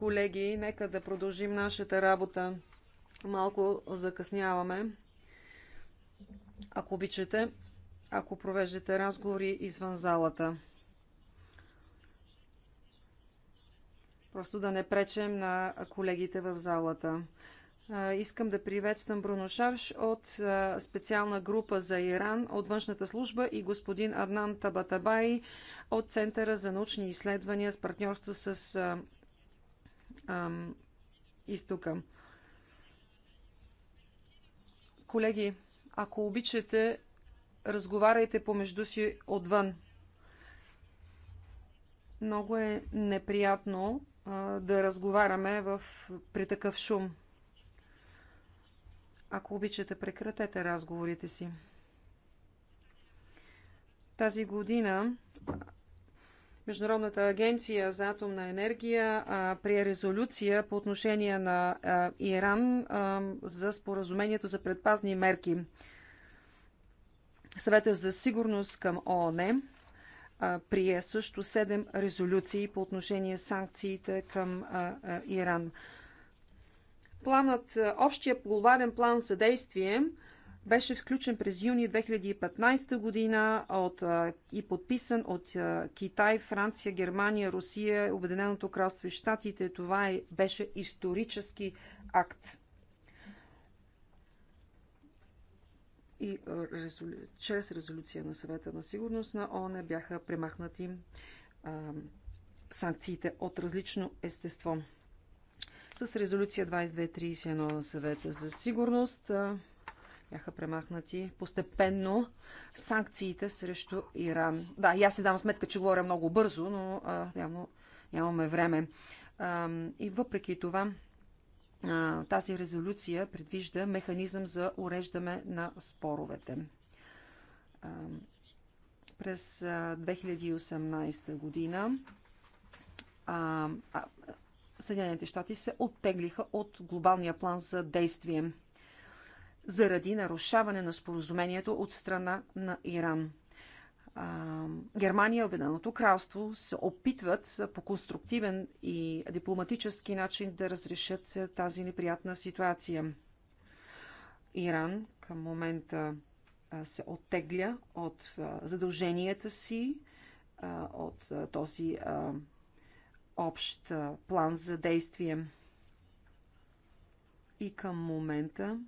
Колеги, нека да продължим нашата работа. Малко закъсняваме. Ако обичате, ако провеждате разговори извън залата. Просто да не пречем на колегите в залата. Искам да приветствам Бруно Шарш от специална група за Иран от външната служба и господин Аднан Табатабай от Центъра за научни изследвания с партньорство с а, а, изтока. Колеги, ако обичате, разговаряйте помежду си отвън. Много е неприятно а, да разговаряме в, при такъв шум. Ако обичате, прекратете разговорите си. Тази година Международната агенция за атомна енергия а, прие резолюция по отношение на а, Иран а, за споразумението за предпазни мерки. Съвета за сигурност към ООН прие също 7 резолюции по отношение санкциите към а, а, Иран. Планът, е, общия глобален план за действие беше включен през юни 2015 година от, е, и подписан от е, Китай, Франция, Германия, Русия, Обединеното кралство и Штатите. Това е, беше исторически акт. И резолю... чрез резолюция на съвета на сигурност на ООН бяха премахнати а, санкциите от различно естество. С резолюция 2231 на съвета за сигурност бяха премахнати постепенно санкциите срещу Иран. Да, и аз си дам сметка, че говоря много бързо, но а, явно нямаме време. А, и въпреки това, а, тази резолюция предвижда механизъм за уреждане на споровете. А, през 2018 година а, а, Съединените щати се оттеглиха от глобалния план за действие заради нарушаване на споразумението от страна на Иран. Германия и Обединеното кралство се опитват по конструктивен и дипломатически начин да разрешат тази неприятна ситуация. Иран към момента се оттегля от задълженията си от този общ план за действие. И към момента,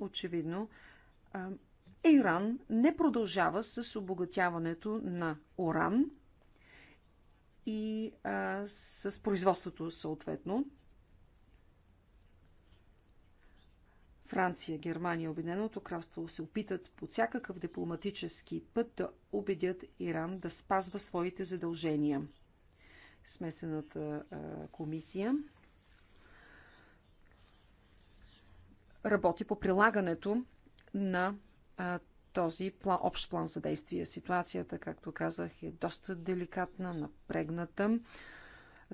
очевидно, Иран не продължава с обогатяването на уран и а, с производството съответно. Франция, Германия, Обединеното кралство се опитат по всякакъв дипломатически път да убедят Иран да спазва своите задължения – смесената комисия. Работи по прилагането на този план, общ план за действие. Ситуацията, както казах, е доста деликатна, напрегната,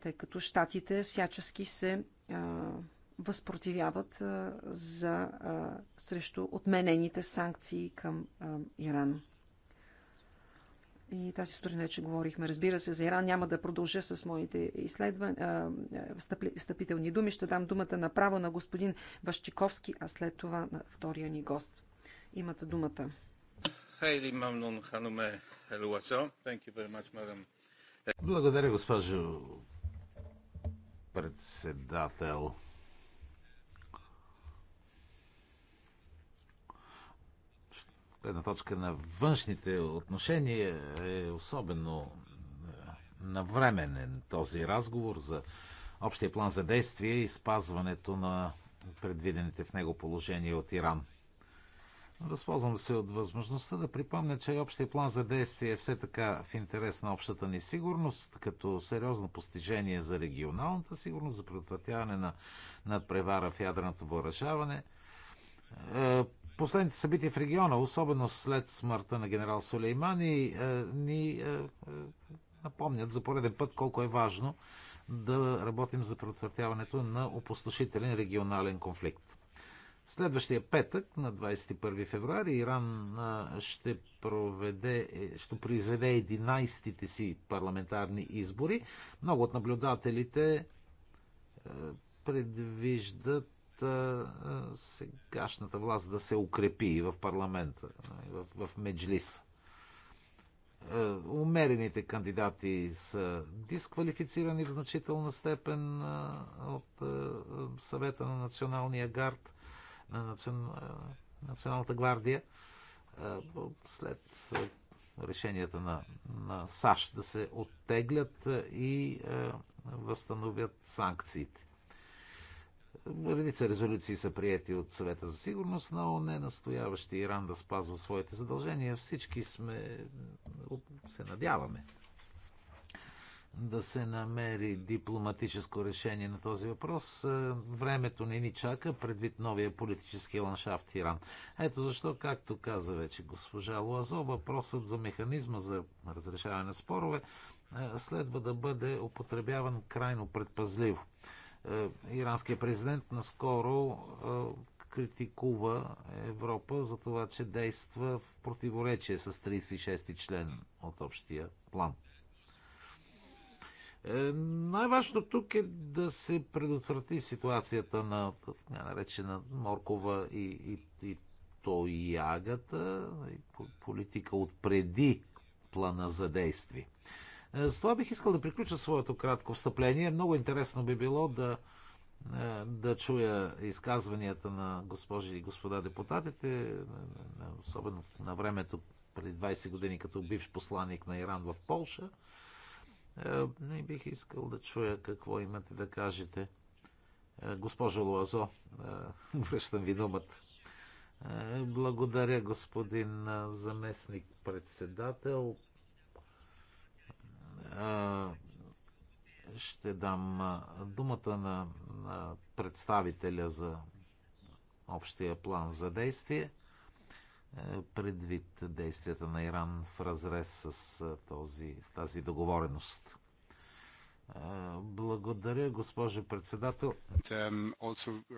тъй като щатите всячески се а, възпротивяват а, за, а, срещу отменените санкции към а, Иран. И тази сутрин вече говорихме, разбира се, за Иран. Няма да продължа с моите изследвания, встъпителни думи. Ще дам думата направо на господин Вашчиковски, а след това на втория ни гост. Имате думата. Благодаря, госпожо председател. гледна точка на външните отношения е особено е, навременен този разговор за общия план за действие и спазването на предвидените в него положения от Иран. Разползвам се от възможността да припомня, че общия план за действие е все така в интерес на общата ни сигурност, като сериозно постижение за регионалната сигурност, за предотвратяване на надпревара в ядреното въоръжаване е, – Последните събития в региона, особено след смъртта на генерал Сулеймани, е, ни е, е, напомнят за пореден път колко е важно да работим за предотвратяването на опустошителен регионален конфликт. Следващия петък, на 21 февруари, Иран ще, проведе, ще произведе 11-те си парламентарни избори. Много от наблюдателите предвиждат сегашната власт да се укрепи и в парламента, и в, в Меджлис. Умерените кандидати са дисквалифицирани в значителна степен от съвета на Националния гард, на национ... Националната гвардия, след решенията на, на САЩ да се оттеглят и възстановят санкциите. Редица резолюции са прияти от съвета за сигурност, но не настояващи Иран да спазва своите задължения. Всички сме, се надяваме да се намери дипломатическо решение на този въпрос. Е, времето не ни чака предвид новия политически ландшафт Иран. Ето защо, както каза вече госпожа Луазо, въпросът за механизма за разрешаване на спорове е, следва да бъде употребяван крайно предпазливо. Е, Иранския президент наскоро е, критикува Европа за това, че действа в противоречие с 36-ти член от общия план. Е, най-важното тук е да се предотврати ситуацията на наречена моркова и, и, и тоягата, политика от преди плана за действие. Е, с това бих искал да приключа своето кратко встъпление. Много интересно би било да, е, да чуя изказванията на госпожи и господа депутатите, е, особено на времето преди 20 години като бивш посланник на Иран в Полша. Не бих искал да чуя какво имате да кажете. Госпожо Луазо, връщам ви думата. Благодаря, господин заместник председател ще дам думата на, представителя за общия план за действие е, предвид действията на Иран в разрез с, този, с тази договореност. Благодаря, госпожо председател. Um, also uh,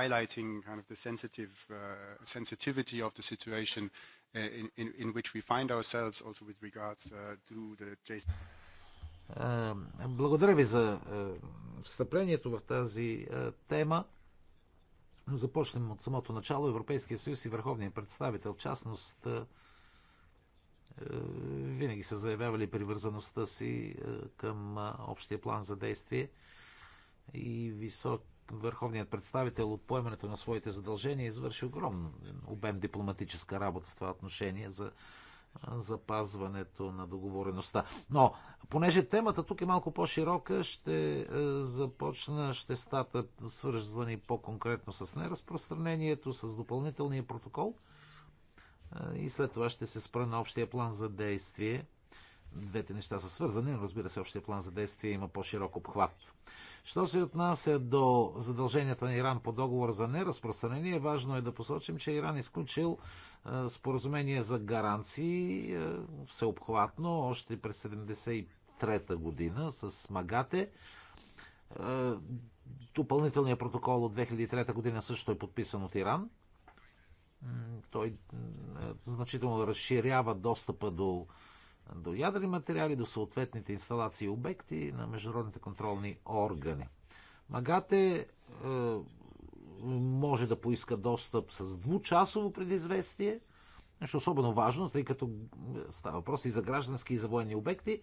highlighting kind of the sensitive, uh, sensitivity of the situation Uh, in, in, which we find ourselves also with regards uh, to the JSON. Uh, благодаря ви за встъплението в тази тема. Започнем от самото начало. Европейския съюз и Върховния представител, в частност, винаги са заявявали привързаността си към общия план за действие и висок върховният представител от поемането на своите задължения извърши огромен обем дипломатическа работа в това отношение за запазването на договореността. Но, понеже темата тук е малко по-широка, ще започна щестата, свързани по-конкретно с неразпространението, с допълнителния протокол и след това ще се спра на общия план за действие. Двете неща са свързани, но разбира се, общия план за действие има по-широк обхват. Що се отнася до задълженията на Иран по договор за неразпространение, важно е да посочим, че Иран изключил е споразумение за гаранции всеобхватно още през 1973 година с Магате. Допълнителният протокол от 2003 година също е подписан от Иран. Той значително разширява достъпа до до ядрени материали, до съответните инсталации и обекти на международните контролни органи. Магате е, може да поиска достъп с двучасово предизвестие, нещо особено важно, тъй като става въпрос и за граждански и за военни обекти.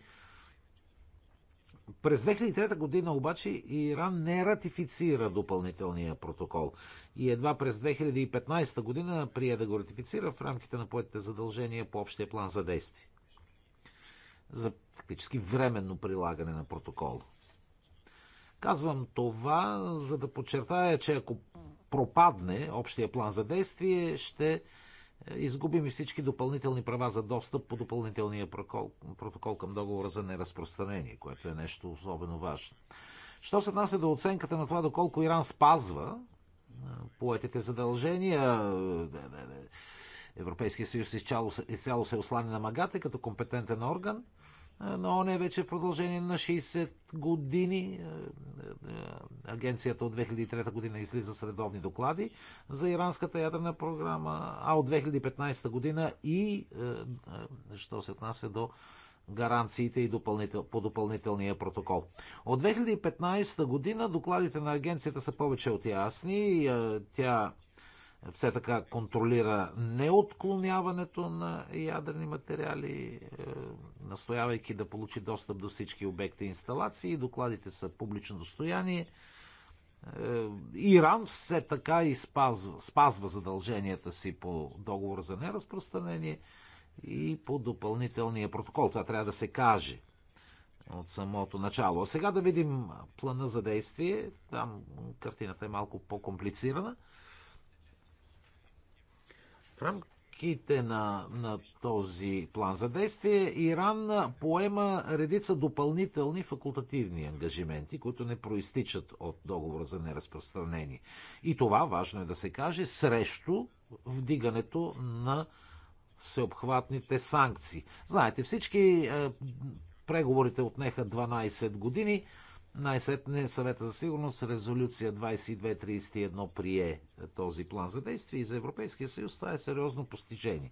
През 2003 година обаче Иран не ратифицира допълнителния протокол и едва през 2015 година прие да го ратифицира в рамките на поетите задължения по общия план за действие за фактически временно прилагане на протокола. Казвам това, за да подчертая, че ако пропадне общия план за действие, ще е, изгубим и всички допълнителни права за достъп по допълнителния протокол към договора за неразпространение, което е нещо особено важно. Що се отнася до оценката на това, доколко Иран спазва е, поетите задължения, е, Европейския съюз изцяло се ослани на магате като компетентен орган – на ОНЕ вече в продължение на 60 години. Е, е, е, агенцията от 2003 година излиза с редовни доклади за иранската ядрена програма, а от 2015 година и, що се отнася до гаранциите и допълнител, по допълнителния протокол. От 2015 година докладите на агенцията са повече от ясни. Тя все така контролира неотклоняването на ядрени материали, е, настоявайки да получи достъп до всички обекти и инсталации. Докладите са публично достояние. Е, Иран все така и спазва, спазва задълженията си по договор за неразпространение и по допълнителния протокол. Това трябва да се каже от самото начало. А сега да видим плана за действие. Там картината е малко по-комплицирана. В рамките на, на този план за действие Иран поема редица допълнителни факултативни ангажименти, които не проистичат от договора за неразпространение. И това, важно е да се каже, срещу вдигането на всеобхватните санкции. Знаете, всички е, преговорите отнеха 12 години. Най-сетне съвета за сигурност резолюция 2231 прие този план за действие и за Европейския съюз това е сериозно постижение.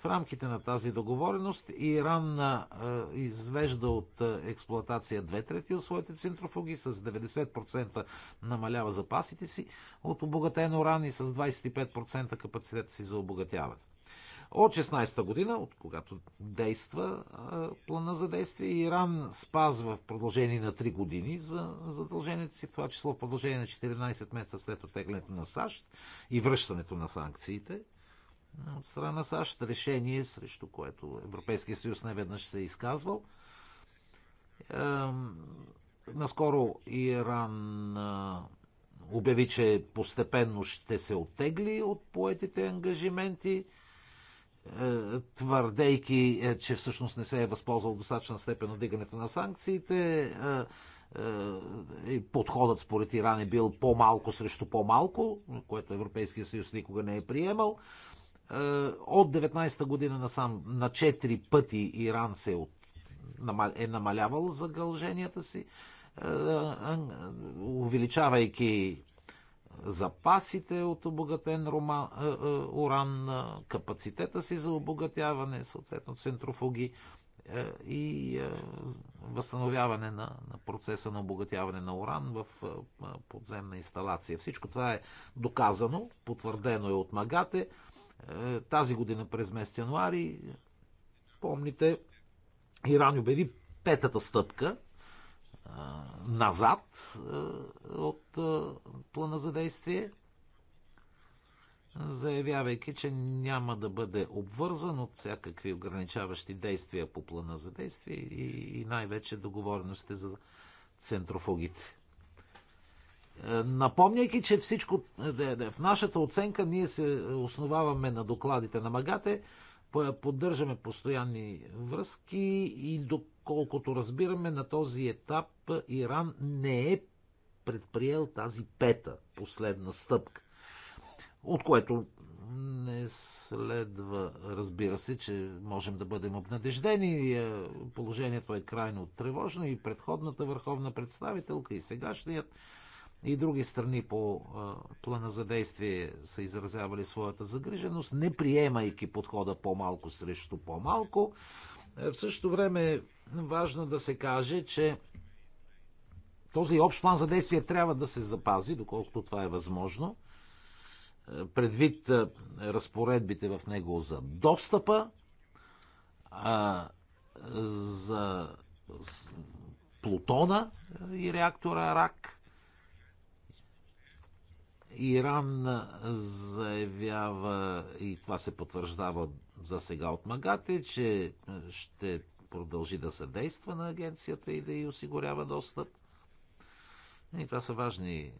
В рамките на тази договореност Иран а, извежда от експлоатация две трети от своите центрофуги, с 90% намалява запасите си от обогатен уран и с 25% капацитета си за обогатяване. От 16-та година, от когато действа плана за действие, Иран спазва в продължение на 3 години за задълженията си, в това число в продължение на 14 месеца след отеглянето на САЩ и връщането на санкциите от страна на САЩ, решение, срещу което Европейския съюз не веднъж се е изказвал. Наскоро Иран обяви, че постепенно ще се оттегли от поетите ангажименти е, твърдейки, е, че всъщност не се е възползвал достатъчна степен от дигането на санкциите. Е, подходът според Иран е бил по-малко срещу по-малко, което Европейския съюз никога не е приемал. От 19-та година насам на 4 пъти Иран се е намалявал задълженията си, увеличавайки запасите от обогатен рома, е, е, уран, е, капацитета си за обогатяване, съответно центрофуги и възстановяване на, на процеса на обогатяване на уран в подземна инсталация. Всичко това е доказано, потвърдено е от Магате. Тази година през месец януари, помните, Иран обяви петата стъпка – назад от плана за действие, заявявайки, че няма да бъде обвързан от всякакви ограничаващи действия по плана за действие и най-вече договорности за центрофугите. Е, напомняйки, че всичко е, е, в нашата оценка ние се основаваме на докладите на Магате, поддържаме постоянни връзки и доколкото разбираме на този етап Иран не е предприел тази пета последна стъпка. От което не следва, разбира се, че можем да бъдем обнадеждени. Е, положението е крайно тревожно и предходната върховна представителка и сегашният и други страни по плана за действие са изразявали своята загриженост, не приемайки подхода по-малко срещу по-малко. Е, в същото време е важно да се каже, че този общ план за действие трябва да се запази, доколкото това е възможно, е, предвид е, разпоредбите в него за достъпа, за Плутона и реактора Рак, Иран заявява, и това се потвърждава за сега от Магате, че ще продължи да съдейства на агенцията и да й осигурява достъп. И това са важни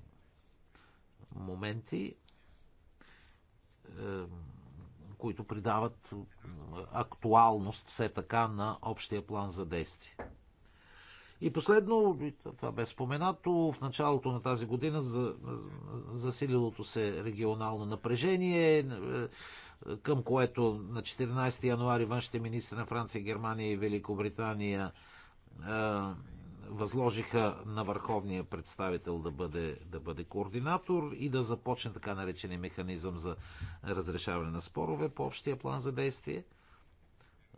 моменти, е, които придават актуалност все така на общия план за действие. И последно, това бе споменато, в началото на тази година за засилилото се регионално напрежение, е, към което на 14 януари външните министри на Франция, Германия и Великобритания е, възложиха на върховния представител да бъде, да бъде координатор и да започне така наречения механизъм за разрешаване на спорове по общия план за действие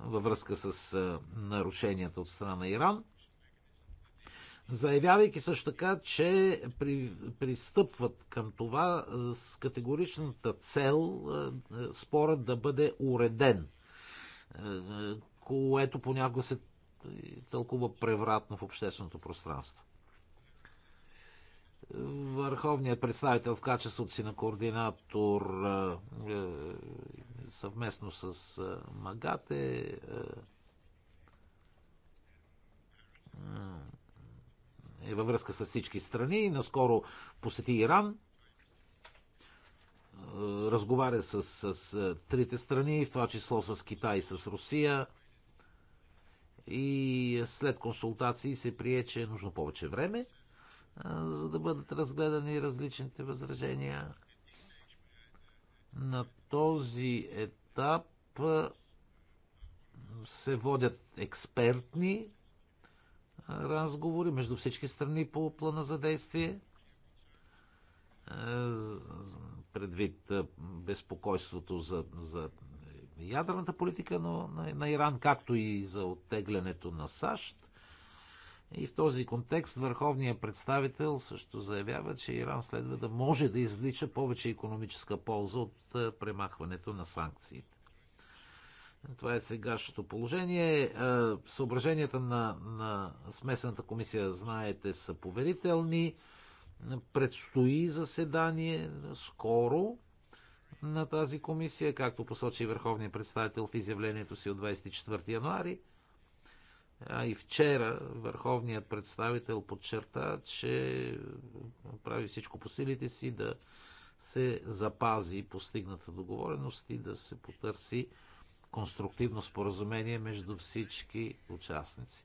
във връзка с е, нарушенията от страна на Иран – заявявайки също така, че при, пристъпват към това с категоричната цел е, е, спорът да бъде уреден, е, което понякога се тълкува превратно в общественото пространство. Върховният представител в качеството си на координатор съвместно с Магате е във връзка с всички страни. Наскоро посети Иран, е, разговаря с, с, с е, трите страни, в това число с Китай и с Русия. И след консултации се прие, че е нужно повече време, е, за да бъдат разгледани различните възражения. На този етап се водят експертни разговори между всички страни по плана за действие, е, предвид е, безпокойството за, за ядрената политика но на, на Иран, както и за оттеглянето на САЩ. И в този контекст върховният представител също заявява, че Иран следва да може да извлича повече економическа полза от е, премахването на санкциите. Това е сегашното положение. Е, съображенията на, на смесената комисия, знаете, са поверителни. Предстои заседание скоро на тази комисия, както посочи Върховният представител в изявлението си от 24 януари. А и вчера Върховният представител подчерта, че прави всичко по силите си да се запази постигната договореност и да се потърси конструктивно споразумение между всички участници.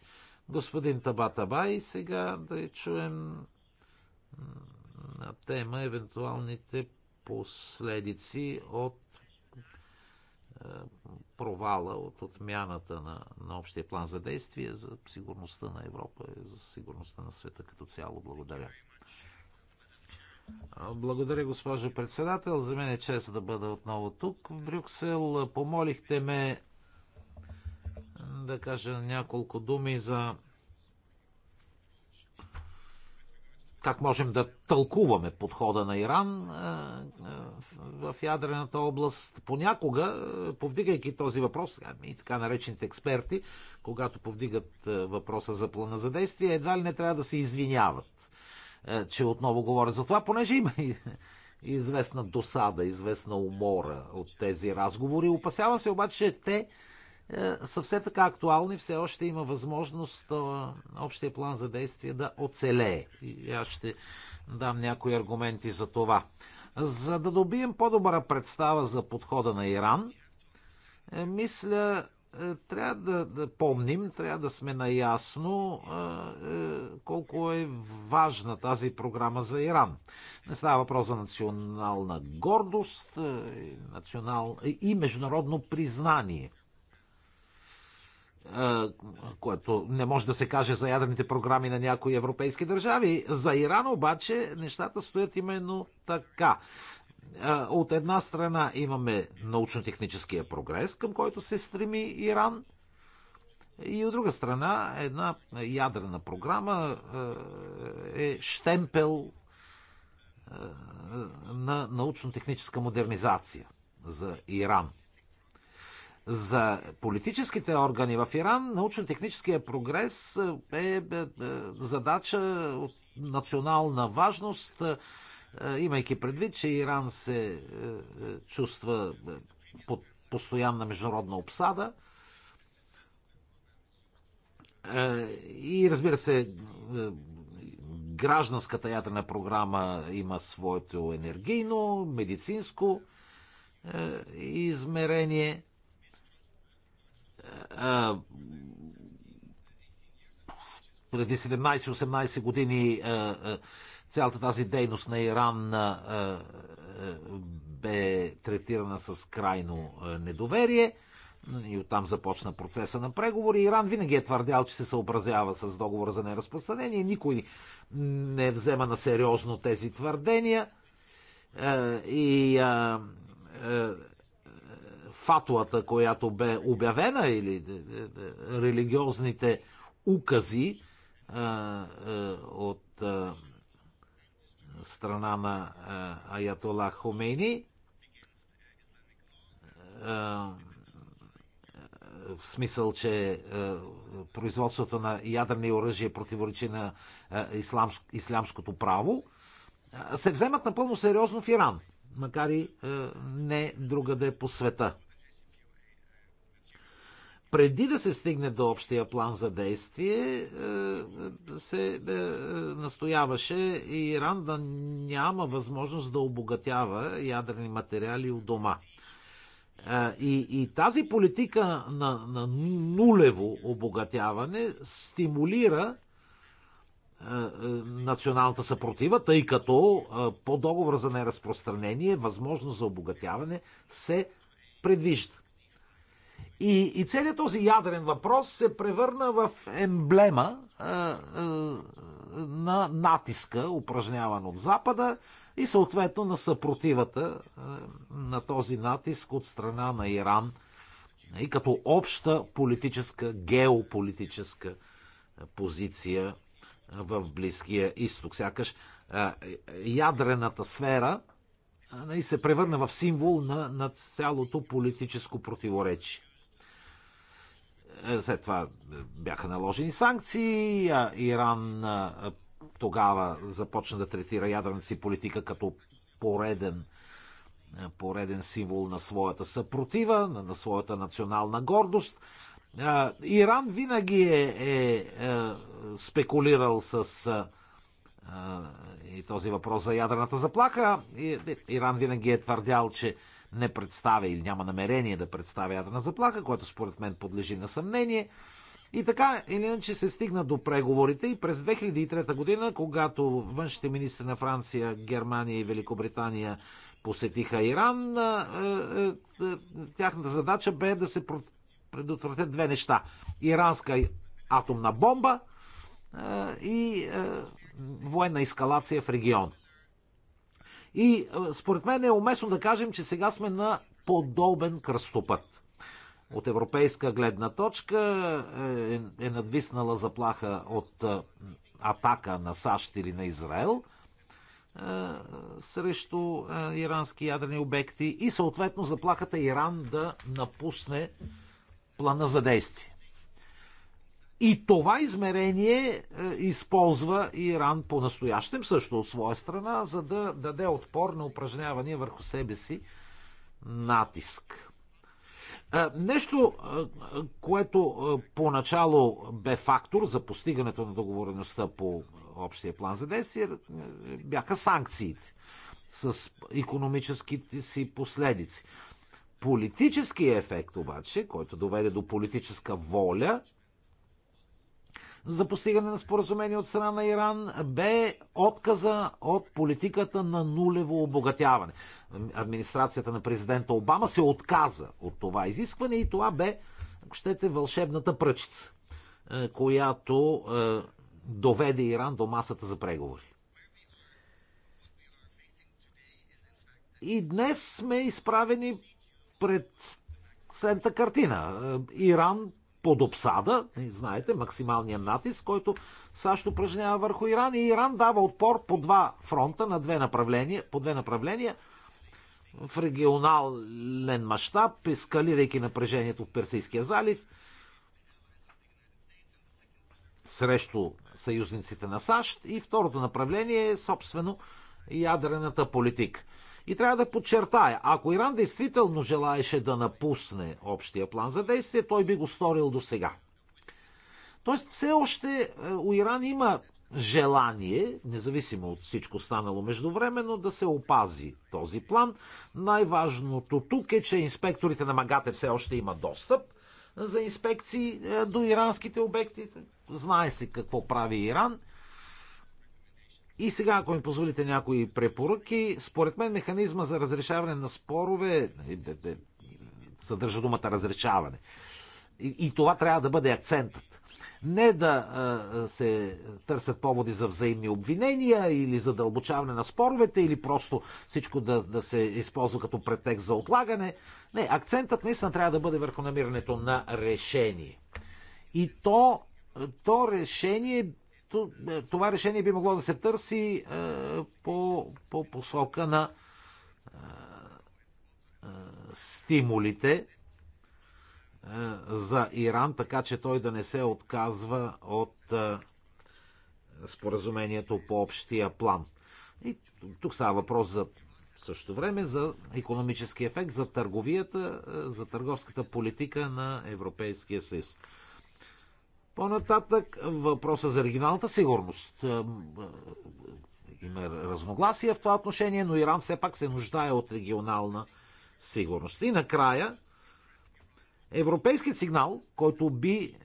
Господин Табатабай, сега да чуем на тема евентуалните последици от е, провала, от отмяната на, на общия план за действие за сигурността на Европа и за сигурността на света като цяло. Благодаря. Благодаря, госпожо председател. За мен е чест да бъда отново тук в Брюксел. Помолихте ме да кажа няколко думи за как можем да тълкуваме подхода на Иран в ядрената област. Понякога, повдигайки този въпрос, и така наречените експерти, когато повдигат въпроса за плана за действие, едва ли не трябва да се извиняват е, че отново говоря за това, понеже има и известна досада, известна умора от тези разговори. Опасявам се обаче, че те е, са все така актуални, все още има възможност е, общия план за действие да оцелее. И аз ще дам някои аргументи за това. За да добием по-добра представа за подхода на Иран, мисля, е, трябва да, да помним, трябва да сме наясно е, е, колко е важна тази програма за Иран. Не става въпрос за национална гордост национал... и международно признание което не може да се каже за ядрените програми на някои европейски държави. За Иран обаче нещата стоят именно така. От една страна имаме научно-техническия прогрес, към който се стреми Иран, и от друга страна една ядрена програма е штемпел е е, на научно-техническа модернизация за Иран. За политическите органи в Иран научно-техническия прогрес е, е задача от национална важност, имайки предвид, че Иран се е, е, чувства е, под постоянна международна обсада. И разбира се, гражданската ядрена програма има своето енергийно, медицинско измерение. Преди 17-18 години цялата тази дейност на Иран бе третирана с крайно недоверие и оттам започна процеса на преговори. Иран винаги е твърдял, че се съобразява с договора за неразпространение. Никой не взема на сериозно тези твърдения. И фатуата, която бе обявена, или религиозните укази от страна на е, Аятола Хомейни. Е, в смисъл, че е, производството на ядрени оръжия противоречи на ислямското право, се вземат напълно сериозно в Иран, макар и не другаде по света преди да се стигне до общия план за действие, е, се е, настояваше Иран да няма възможност да обогатява ядрени материали у дома. Е, и, и тази политика на, на нулево обогатяване стимулира националната съпротива, тъй като по договор за неразпространение възможност за обогатяване се предвижда. И, и целият този ядрен въпрос се превърна в емблема а, а, на натиска, упражняван от Запада и съответно на съпротивата а, на този натиск от страна на Иран и като обща политическа, геополитическа позиция в Близкия изток. Сякаш ядрената сфера и нали, се превърна в символ на, на цялото политическо противоречие. Е, след това бяха наложени санкции. Иран тогава започна да третира ядрената си политика като пореден, е, пореден символ на своята съпротива, на своята национална гордост. Е, Иран винаги е, е, е спекулирал с е, и този въпрос за ядрената заплаха. и Иран винаги е твърдял, че не представя или няма намерение да представя ядрена заплаха, което според мен подлежи на съмнение. И така, или иначе се стигна до преговорите и през 2003 година, когато външните министри на Франция, Германия и Великобритания посетиха Иран, тяхната задача бе да се предотвратят две неща. Иранска атомна бомба и военна ескалация в региона. И според мен е уместно да кажем, че сега сме на подобен кръстопът. От европейска гледна точка е, е, е надвиснала заплаха от атака на САЩ или на Израел е, срещу е, ирански ядрени обекти и съответно заплахата Иран да напусне плана за действие. И това измерение е, използва Иран по-настоящем също от своя страна, за да даде отпор на упражнявания върху себе си натиск. Е, нещо, е, което поначало бе фактор за постигането на договореността по общия план за действие, бяха санкциите с економическите си последици. Политическият ефект обаче, който доведе до политическа воля за постигане на споразумение от страна на Иран бе отказа от политиката на нулево обогатяване. Администрацията на президента Обама се отказа от това изискване и това бе, ако щете, вълшебната пръчица, е, която е, доведе Иран до масата за преговори. И днес сме изправени пред следната картина. Е, Иран под обсада, знаете, максималния натиск, който САЩ упражнява върху Иран. И Иран дава отпор по два фронта, на две направления, по две направления в регионален мащаб, ескалирайки напрежението в Персийския залив срещу съюзниците на САЩ. И второто направление е собствено ядрената политика. И трябва да подчертая, ако Иран действително желаеше да напусне общия план за действие, той би го сторил до сега. Тоест, все още е, у Иран има желание, независимо от всичко станало междувременно, да се опази този план. Най-важното тук е, че инспекторите на Магате все още има достъп е, за инспекции е, до иранските обекти. Знае се какво прави Иран – и сега, ако ми позволите някои препоръки, според мен механизма за разрешаване на спорове нали, съдържа думата разрешаване. И, и това трябва да бъде акцентът. Не да а, се търсят поводи за взаимни обвинения или за дълбочаване на споровете, или просто всичко да, да се използва като претекст за отлагане. Не, акцентът наистина трябва да бъде върху намирането на решение. И то, то решение е, това решение би могло да се търси е, по, по посока на е, стимулите за Иран, така че той да не се отказва от споразумението по общия план. И тук става въпрос за също време за економически ефект, за търговията, за търговската политика на Европейския съюз. По-нататък въпроса за регионалната сигурност. Е, има разногласия в това отношение, но Иран все пак се нуждае от регионална сигурност. И накрая, европейският сигнал, който би е,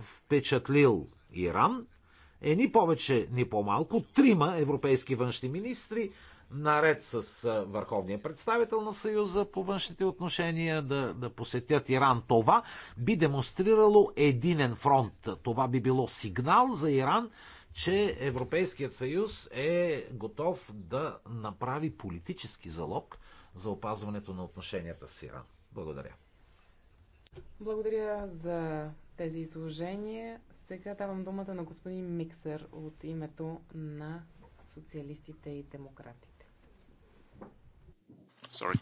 впечатлил Иран, е ни повече, ни по-малко трима европейски външни министри, наред с върховния представител на Съюза по външните отношения да, да посетят Иран. Това би демонстрирало единен фронт. Това би било сигнал за Иран, че Европейският съюз е готов да направи политически залог за опазването на отношенията с Иран. Благодаря. Благодаря за тези изложения. Сега давам думата на господин Миксер от името на социалистите и демократите. Uh,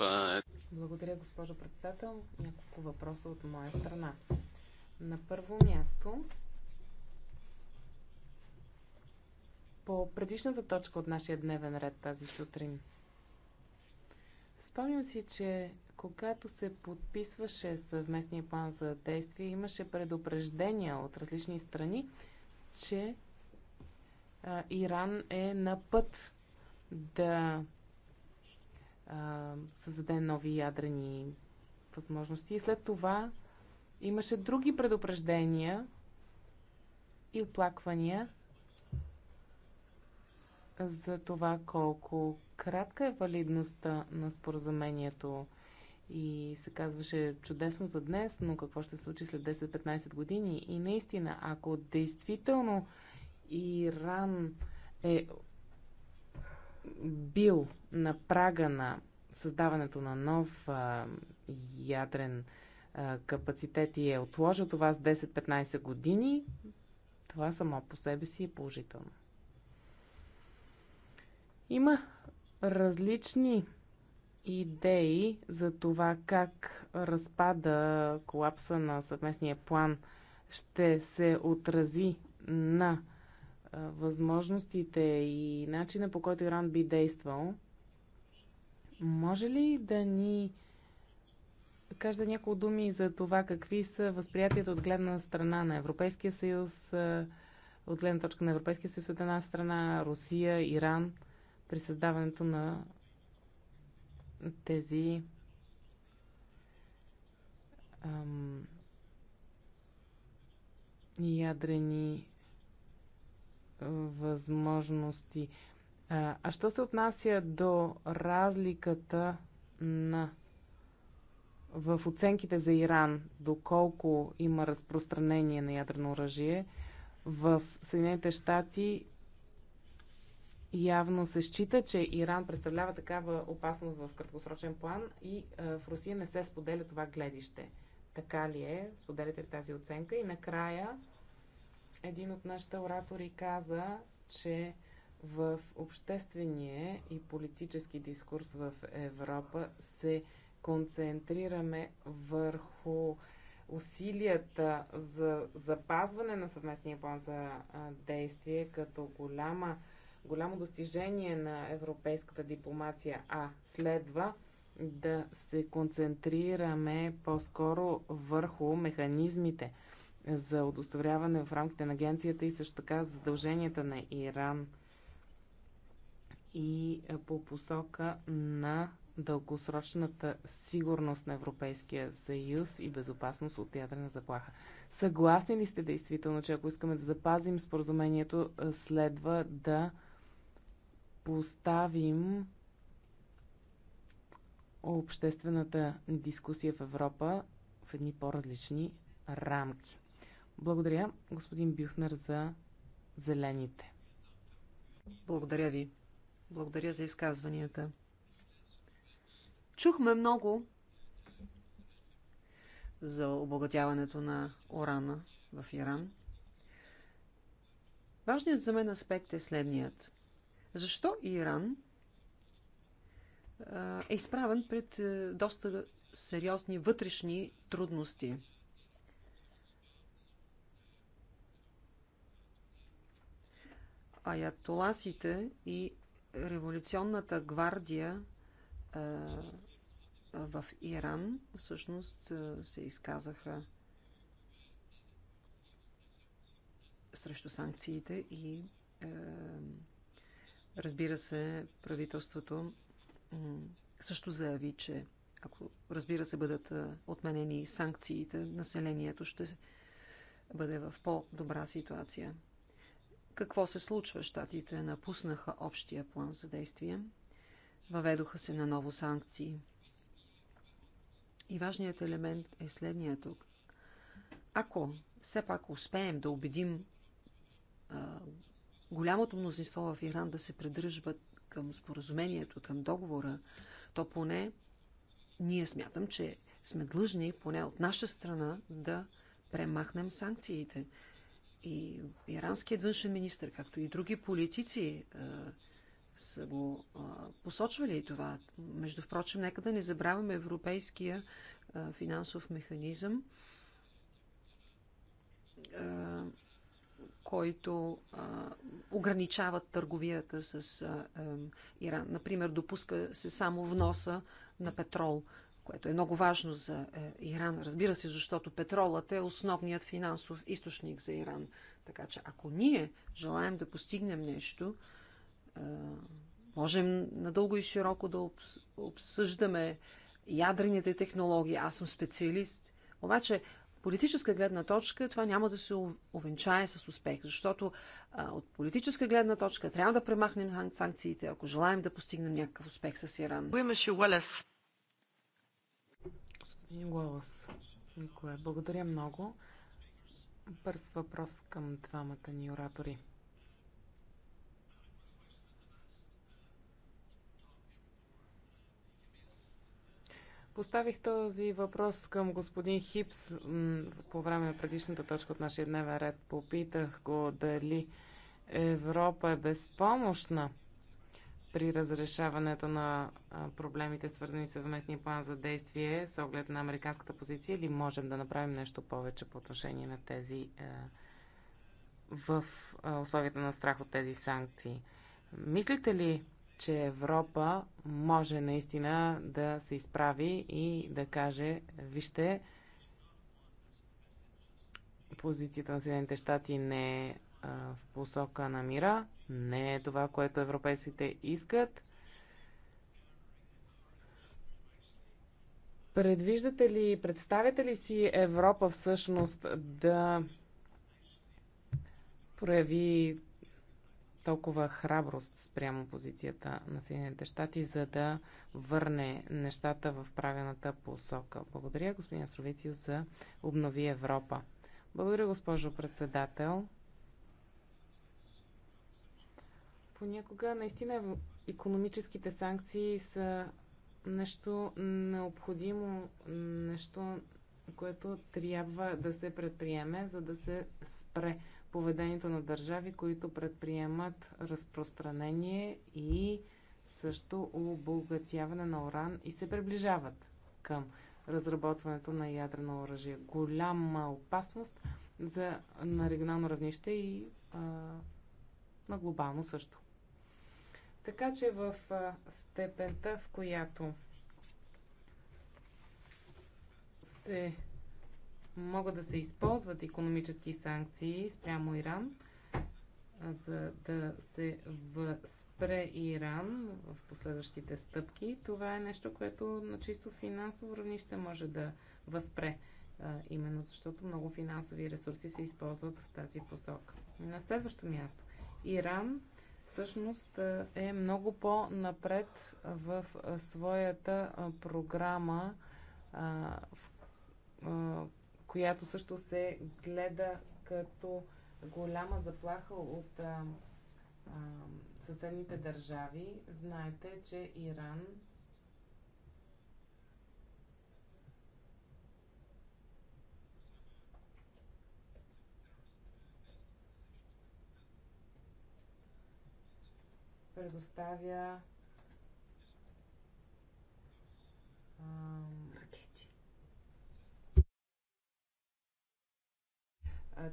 uh, Благодаря, госпожо председател. Няколко въпроса от моя страна. На първо място, по предишната точка от нашия дневен ред тази сутрин. Спомням си, че когато се подписваше съвместния план за действие, имаше предупреждения от различни страни, че Иран е на път да а, създаде нови ядрени възможности. И след това имаше други предупреждения и оплаквания за това колко кратка е валидността на споразумението и се казваше чудесно за днес, но какво ще се случи след 10-15 години? И наистина, ако действително Иран е бил на прага на създаването на нов а, ядрен а, капацитет и е отложил това с 10-15 години, това само по себе си е положително. Има различни идеи за това как разпада, колапса на съвместния план ще се отрази на възможностите и начина по който Иран би действал, може ли да ни кажете няколко думи за това какви са възприятията от гледна страна на Европейския съюз, от гледна точка на Европейския съюз от една страна, Русия, Иран при създаването на тези ам, ядрени възможности. А, а що се отнася до разликата на в оценките за Иран, доколко има разпространение на ядрено оръжие, в Съединените щати явно се счита, че Иран представлява такава опасност в краткосрочен план и в Русия не се споделя това гледище. Така ли е? Споделяте ли тази оценка? И накрая, един от нашите оратори каза, че в обществения и политически дискурс в Европа се концентрираме върху усилията за запазване на съвместния план за действие като голяма, голямо достижение на европейската дипломация, а следва да се концентрираме по-скоро върху механизмите – за удостоверяване в рамките на агенцията и също така задълженията на Иран и е, по посока на дългосрочната сигурност на Европейския съюз и безопасност от ядрена заплаха. Съгласни ли сте действително, че ако искаме да запазим споразумението, е, следва да поставим обществената дискусия в Европа в едни по-различни рамки? Благодаря, господин Бюхнер, за зелените. Благодаря ви. Благодаря за изказванията. Чухме много за обогатяването на урана в Иран. Важният за мен аспект е следният. Защо Иран е изправен пред е, доста сериозни вътрешни трудности – аятоласите и революционната гвардия е, в Иран всъщност е, се изказаха срещу санкциите и е, разбира се, правителството също заяви, че ако разбира се бъдат отменени санкциите, населението ще бъде в по-добра ситуация. Какво се случва? Штатите напуснаха общия план за действие, въведоха се на ново санкции. И важният елемент е следният тук. Ако все пак успеем да убедим а, голямото мнозинство в Иран да се придържат към споразумението, към договора, то поне ние смятам, че сме длъжни, поне от наша страна, да премахнем санкциите. И иранският външен министр, както и други политици а, е, са го а, е, посочвали и това. Между впрочем, нека да не забравяме европейския а, е, финансов механизъм, който ограничава търговията с Иран. Например, допуска се само вноса на петрол – което е много важно за е, Иран, разбира се, защото петролът е основният финансов източник за Иран. Така че ако ние желаем да постигнем нещо, е, можем надълго и широко да обсъждаме ядрените технологии. Аз съм специалист. Обаче, политическа гледна точка това няма да се увенчае с успех, защото а, от политическа гледна точка трябва да премахнем санкциите, ако желаем да постигнем някакъв успех с Иран. Уелес. Голос. Николай, благодаря много. Първ въпрос към двамата ни оратори. Поставих този въпрос към господин Хипс по време на предишната точка от нашия дневен ред. Попитах го дали Европа е безпомощна при разрешаването на проблемите, свързани с съвместния план за действие с оглед на американската позиция или можем да направим нещо повече по отношение на тези в условията на страх от тези санкции? Мислите ли, че Европа може наистина да се изправи и да каже, вижте, позицията на Съединените щати не е в посока на мира. Не е това, което европейците искат. Предвиждате ли, представяте ли си Европа всъщност да прояви толкова храброст спрямо позицията на Съединените щати, за да върне нещата в правилната посока. Благодаря, господин Астровицио, за Обнови Европа. Благодаря, госпожо председател. понякога наистина економическите санкции са нещо необходимо, нещо, което трябва да се предприеме, за да се спре поведението на държави, които предприемат разпространение и също обогатяване на уран и се приближават към разработването на ядрено оръжие. Голяма опасност за, на регионално равнище и а, на глобално също. Така че в степента, в която се могат да се използват економически санкции спрямо Иран, за да се възпре Иран в последващите стъпки, това е нещо, което на чисто финансово равнище може да възпре. Именно защото много финансови ресурси се използват в тази посока. На следващо място. Иран всъщност е, е много по-напред в е, своята е, програма, която също се гледа като голяма заплаха от съседните държави. Знаете, че Иран предоставя пакети.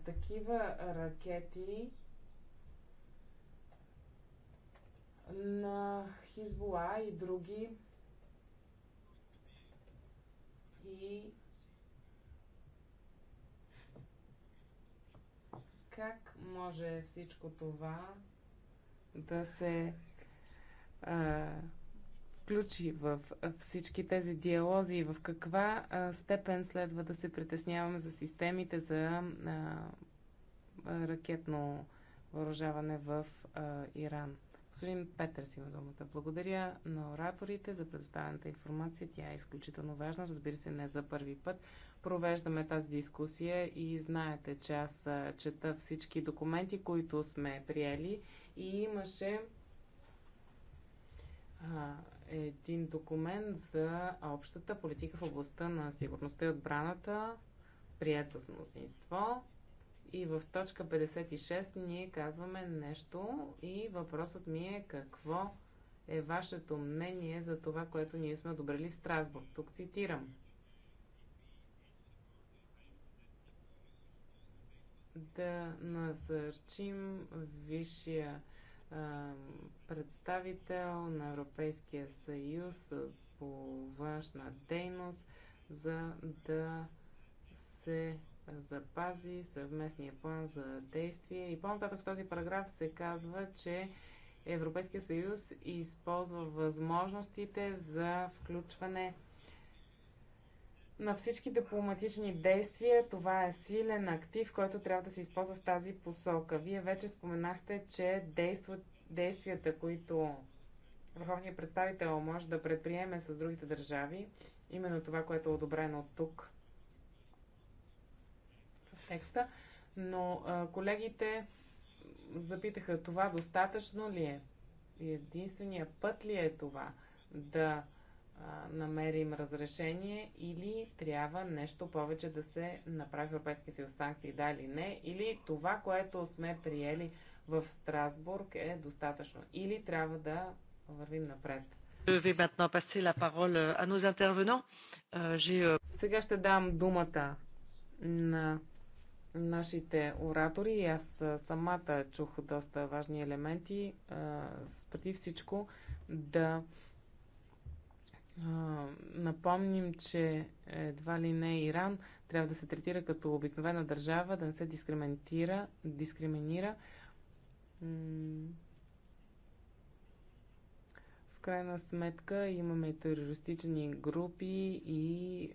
такива ракети на Хизбола и други и как може всичко това да се а, включи в всички тези диалози и в каква а, степен следва да се притесняваме за системите за а, ракетно въоръжаване в а, Иран. Господин Петърс има думата. Благодаря на ораторите за предоставената информация. Тя е изключително важна. Разбира се, не за първи път провеждаме тази дискусия и знаете, че аз чета всички документи, които сме приели и имаше а, един документ за общата политика в областта на сигурността и отбраната, прият с мнозинство. И в точка 56 ние казваме нещо и въпросът ми е какво е вашето мнение за това, което ние сме одобрили в Страсбург. Тук цитирам. да насърчим висшия а, представител на Европейския съюз по външна дейност, за да се запази съвместния план за действие. И по-нататък в този параграф се казва, че Европейския съюз използва възможностите за включване на всички дипломатични действия. Това е силен актив, който трябва да се използва в тази посока. Вие вече споменахте, че действат, действията, които върховният представител може да предприеме с другите държави, именно това, което е одобрено от тук в текста, но а, колегите запитаха това достатъчно ли е? Единствения път ли е това да намерим разрешение или трябва нещо повече да се направи в Европейския съюз санкции, да или не, или това, което сме приели в Страсбург е достатъчно, или трябва да вървим напред. Euh, euh, euh, Сега ще дам думата на нашите оратори аз самата чух доста важни елементи. Преди всичко да напомним, че едва ли не Иран трябва да се третира като обикновена държава, да не се дискриминира, дискриминира. В крайна сметка имаме терористични групи и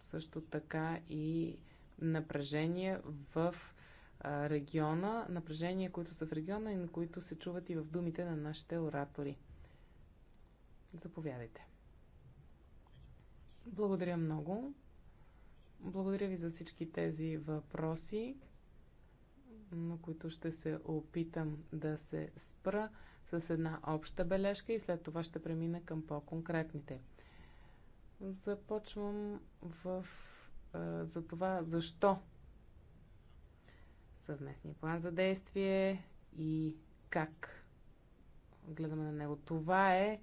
също така и напрежение в региона, напрежение, които са в региона и на които се чуват и в думите на нашите оратори. Заповядайте. Благодаря много. Благодаря ви за всички тези въпроси, на които ще се опитам да се спра с една обща бележка и след това ще премина към по-конкретните. Започвам в, а, за това защо съвместния план за действие и как гледаме на него. Това е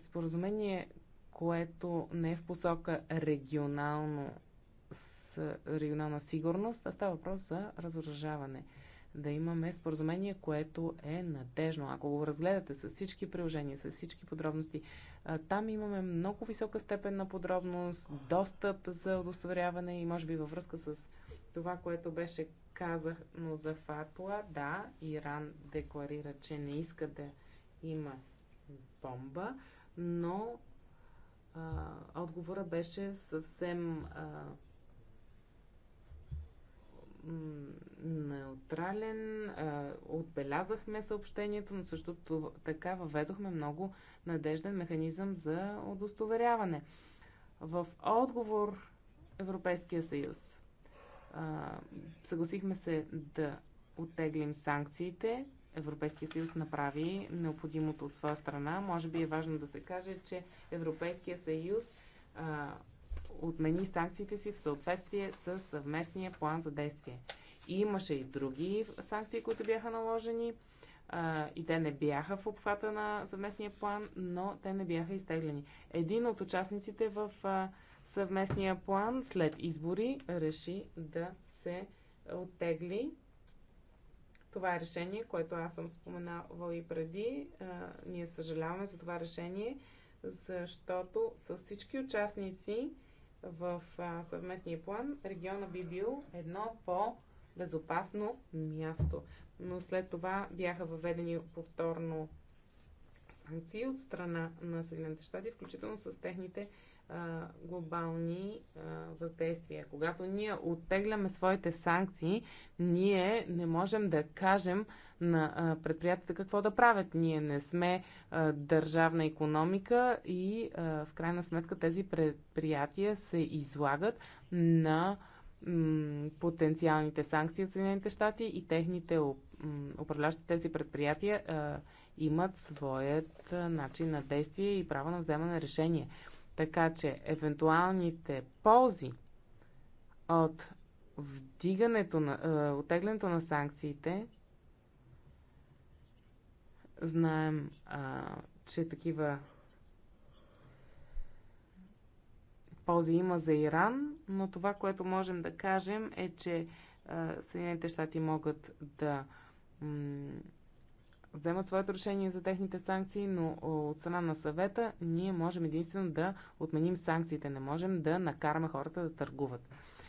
споразумение, което не е в посока регионално, с регионална сигурност, а става въпрос за разоръжаване. Да имаме споразумение, което е надежно. Ако го разгледате с всички приложения, с всички подробности, там имаме много висока степен на подробност, достъп за удостоверяване и може би във връзка с това, което беше казах, но за Фатуа, да, Иран декларира, че не иска да има бомба, но а, отговора беше съвсем а, неутрален. А, отбелязахме съобщението, но също така въведохме много надежден механизъм за удостоверяване. В отговор Европейския съюз а, съгласихме се да оттеглим санкциите Европейския съюз направи необходимото от своя страна. Може би е важно да се каже, че Европейския съюз а, отмени санкциите си в съответствие с съвместния план за действие. И имаше и други санкции, които бяха наложени а, и те не бяха в обхвата на съвместния план, но те не бяха изтеглени. Един от участниците в а, съвместния план след избори реши да се оттегли това е решение, което аз съм споменавала и преди. А, ние съжаляваме за това решение, защото с всички участници в а, съвместния план региона би бил едно по-безопасно място. Но след това бяха въведени повторно санкции от страна на Съединените щати, включително с техните глобални а, въздействия. Когато ние оттегляме своите санкции, ние не можем да кажем на а, предприятията какво да правят. Ние не сме а, държавна економика и а, в крайна сметка тези предприятия се излагат на потенциалните санкции от Съединените щати и техните управляващи тези предприятия а, имат своят начин на действие и право на вземане на решение. Така че евентуалните ползи от вдигането на, е, отеглянето на санкциите, знаем, а, че такива ползи има за Иран, но това, което можем да кажем е, че Съединените щати могат да вземат своето решение за техните санкции, но от страна на съвета ние можем единствено да отменим санкциите. Не можем да накараме хората да търгуват.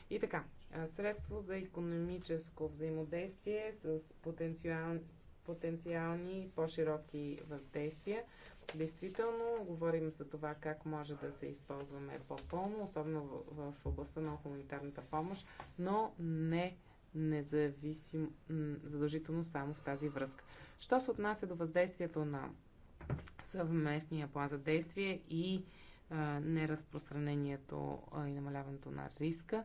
И така, средство за економическо взаимодействие с потенциал, потенциални по-широки въздействия. Действително, говорим за това как може да се използваме по-пълно, особено в областта на хуманитарната помощ, но не независим, задължително само в тази връзка. Що се отнася до въздействието на съвместния план за действие и а, неразпространението а, и намаляването на риска,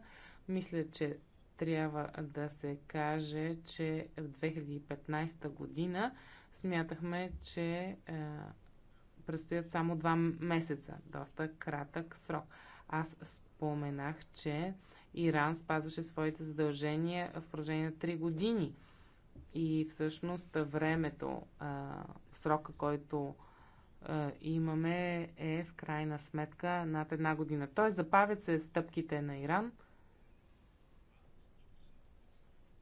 мисля, че трябва да се каже, че в 2015 година смятахме, че а, предстоят само два месеца. Доста кратък срок. Аз споменах, че а, Иран спазваше своите задължения в продължение на 3 години. И всъщност времето, а, срока, който а, имаме, е в крайна сметка над една година. Тоест, запавят се стъпките на Иран,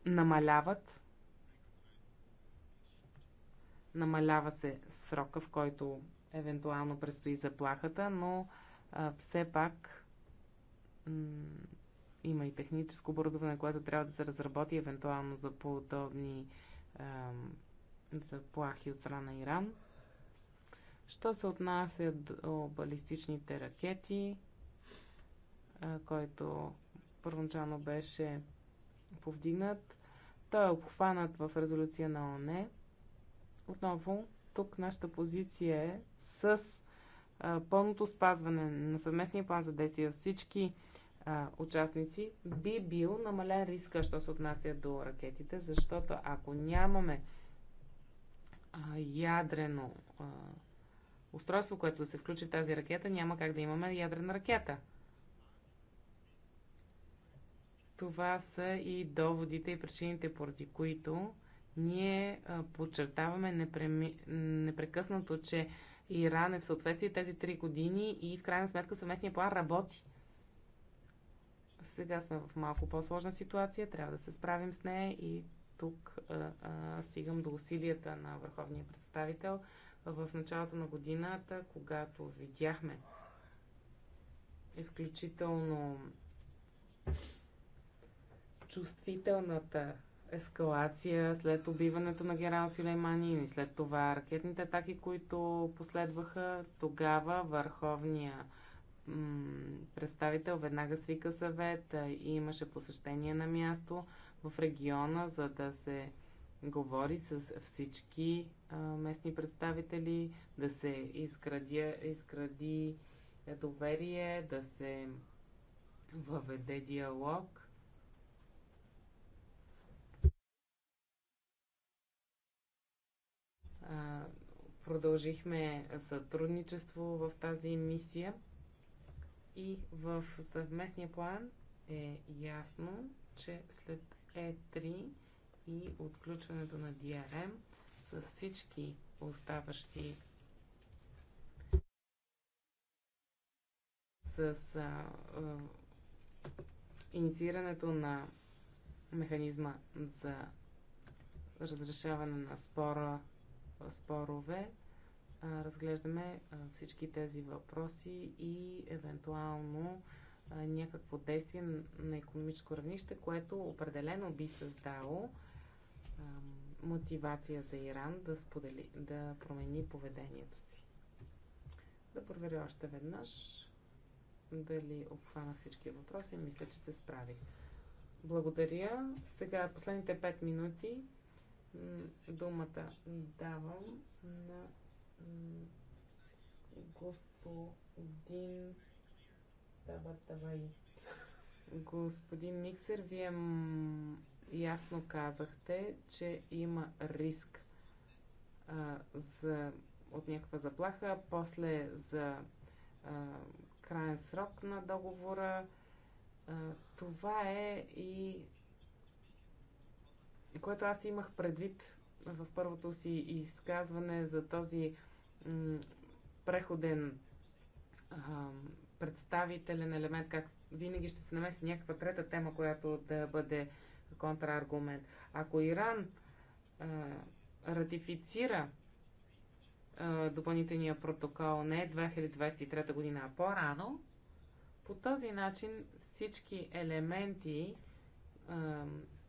намаляват, намалява се срока, в който евентуално предстои заплахата, но а, все пак има и техническо оборудване, което трябва да се разработи евентуално за подобни заплахи от страна на Иран. Що се отнася до балистичните ракети, който първоначално беше повдигнат, той е обхванат в резолюция на ОНЕ. Отново, тук нашата позиция е с пълното спазване на съвместния план за действие всички а, участници, би бил намален риска, що се отнася до ракетите, защото ако нямаме а, ядрено а, устройство, което да се включи в тази ракета, няма как да имаме ядрена ракета. Това са и доводите и причините, поради които ние подчертаваме непреми... непрекъснато, че Иран е в съответствие тези три години и в крайна сметка съвместния план работи. Сега сме в малко по-сложна ситуация, трябва да се справим с нея и тук а, а, стигам до усилията на върховния представител. В началото на годината, когато видяхме изключително чувствителната ескалация след убиването на генерал Сюлеймани и след това ракетните атаки, които последваха, тогава върховния представител веднага свика съвет и имаше посещение на място в региона, за да се говори с всички местни представители, да се изгради, изгради доверие, да се въведе диалог. Продължихме сътрудничество в тази мисия – и в съвместния план е ясно, че след Е3 и отключването на DRM с всички оставащи с а, а, инициирането на механизма за разрешаване на спора, спорове, разглеждаме всички тези въпроси и евентуално някакво действие на економическо равнище, което определено би създало мотивация за Иран да, сподели, да промени поведението си. Да проверя още веднъж дали обхвана всички въпроси. Мисля, че се справих. Благодаря. Сега последните 5 минути думата давам на господин Табатавай. Господин Миксер, вие ясно казахте, че има риск а, за, от някаква заплаха, после за а, крайен срок на договора. А, това е и което аз имах предвид в първото си изказване за този преходен представителен елемент, как винаги ще се намеси някаква трета тема, която да бъде контраргумент. Ако Иран ратифицира допълнителния протокол не 2023 година, а по-рано, по този начин всички елементи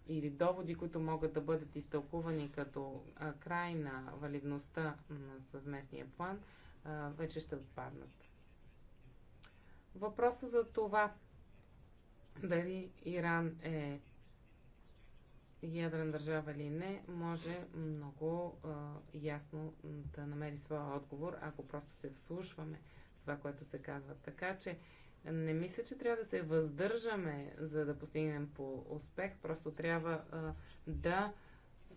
или доводи, които могат да бъдат изтълкувани като а, край на валидността на съвместния план, а, вече ще отпаднат. Въпроса за това дали Иран е ядрен държава или не, може много а, ясно да намери своя отговор, ако просто се вслушваме в това, което се казва. Така че не мисля, че трябва да се въздържаме, за да постигнем по успех. Просто трябва а, да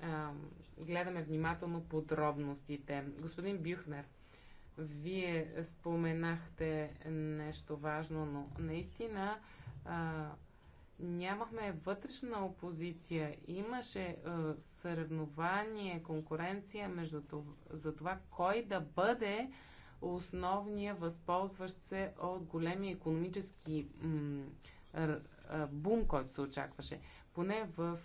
а, гледаме внимателно подробностите. Господин Бюхнер, вие споменахте нещо важно, но наистина а, нямахме вътрешна опозиция. Имаше а, съревнование, конкуренция между това, за това кой да бъде а, основния възползващ се от големия економически бум, който се очакваше. Поне в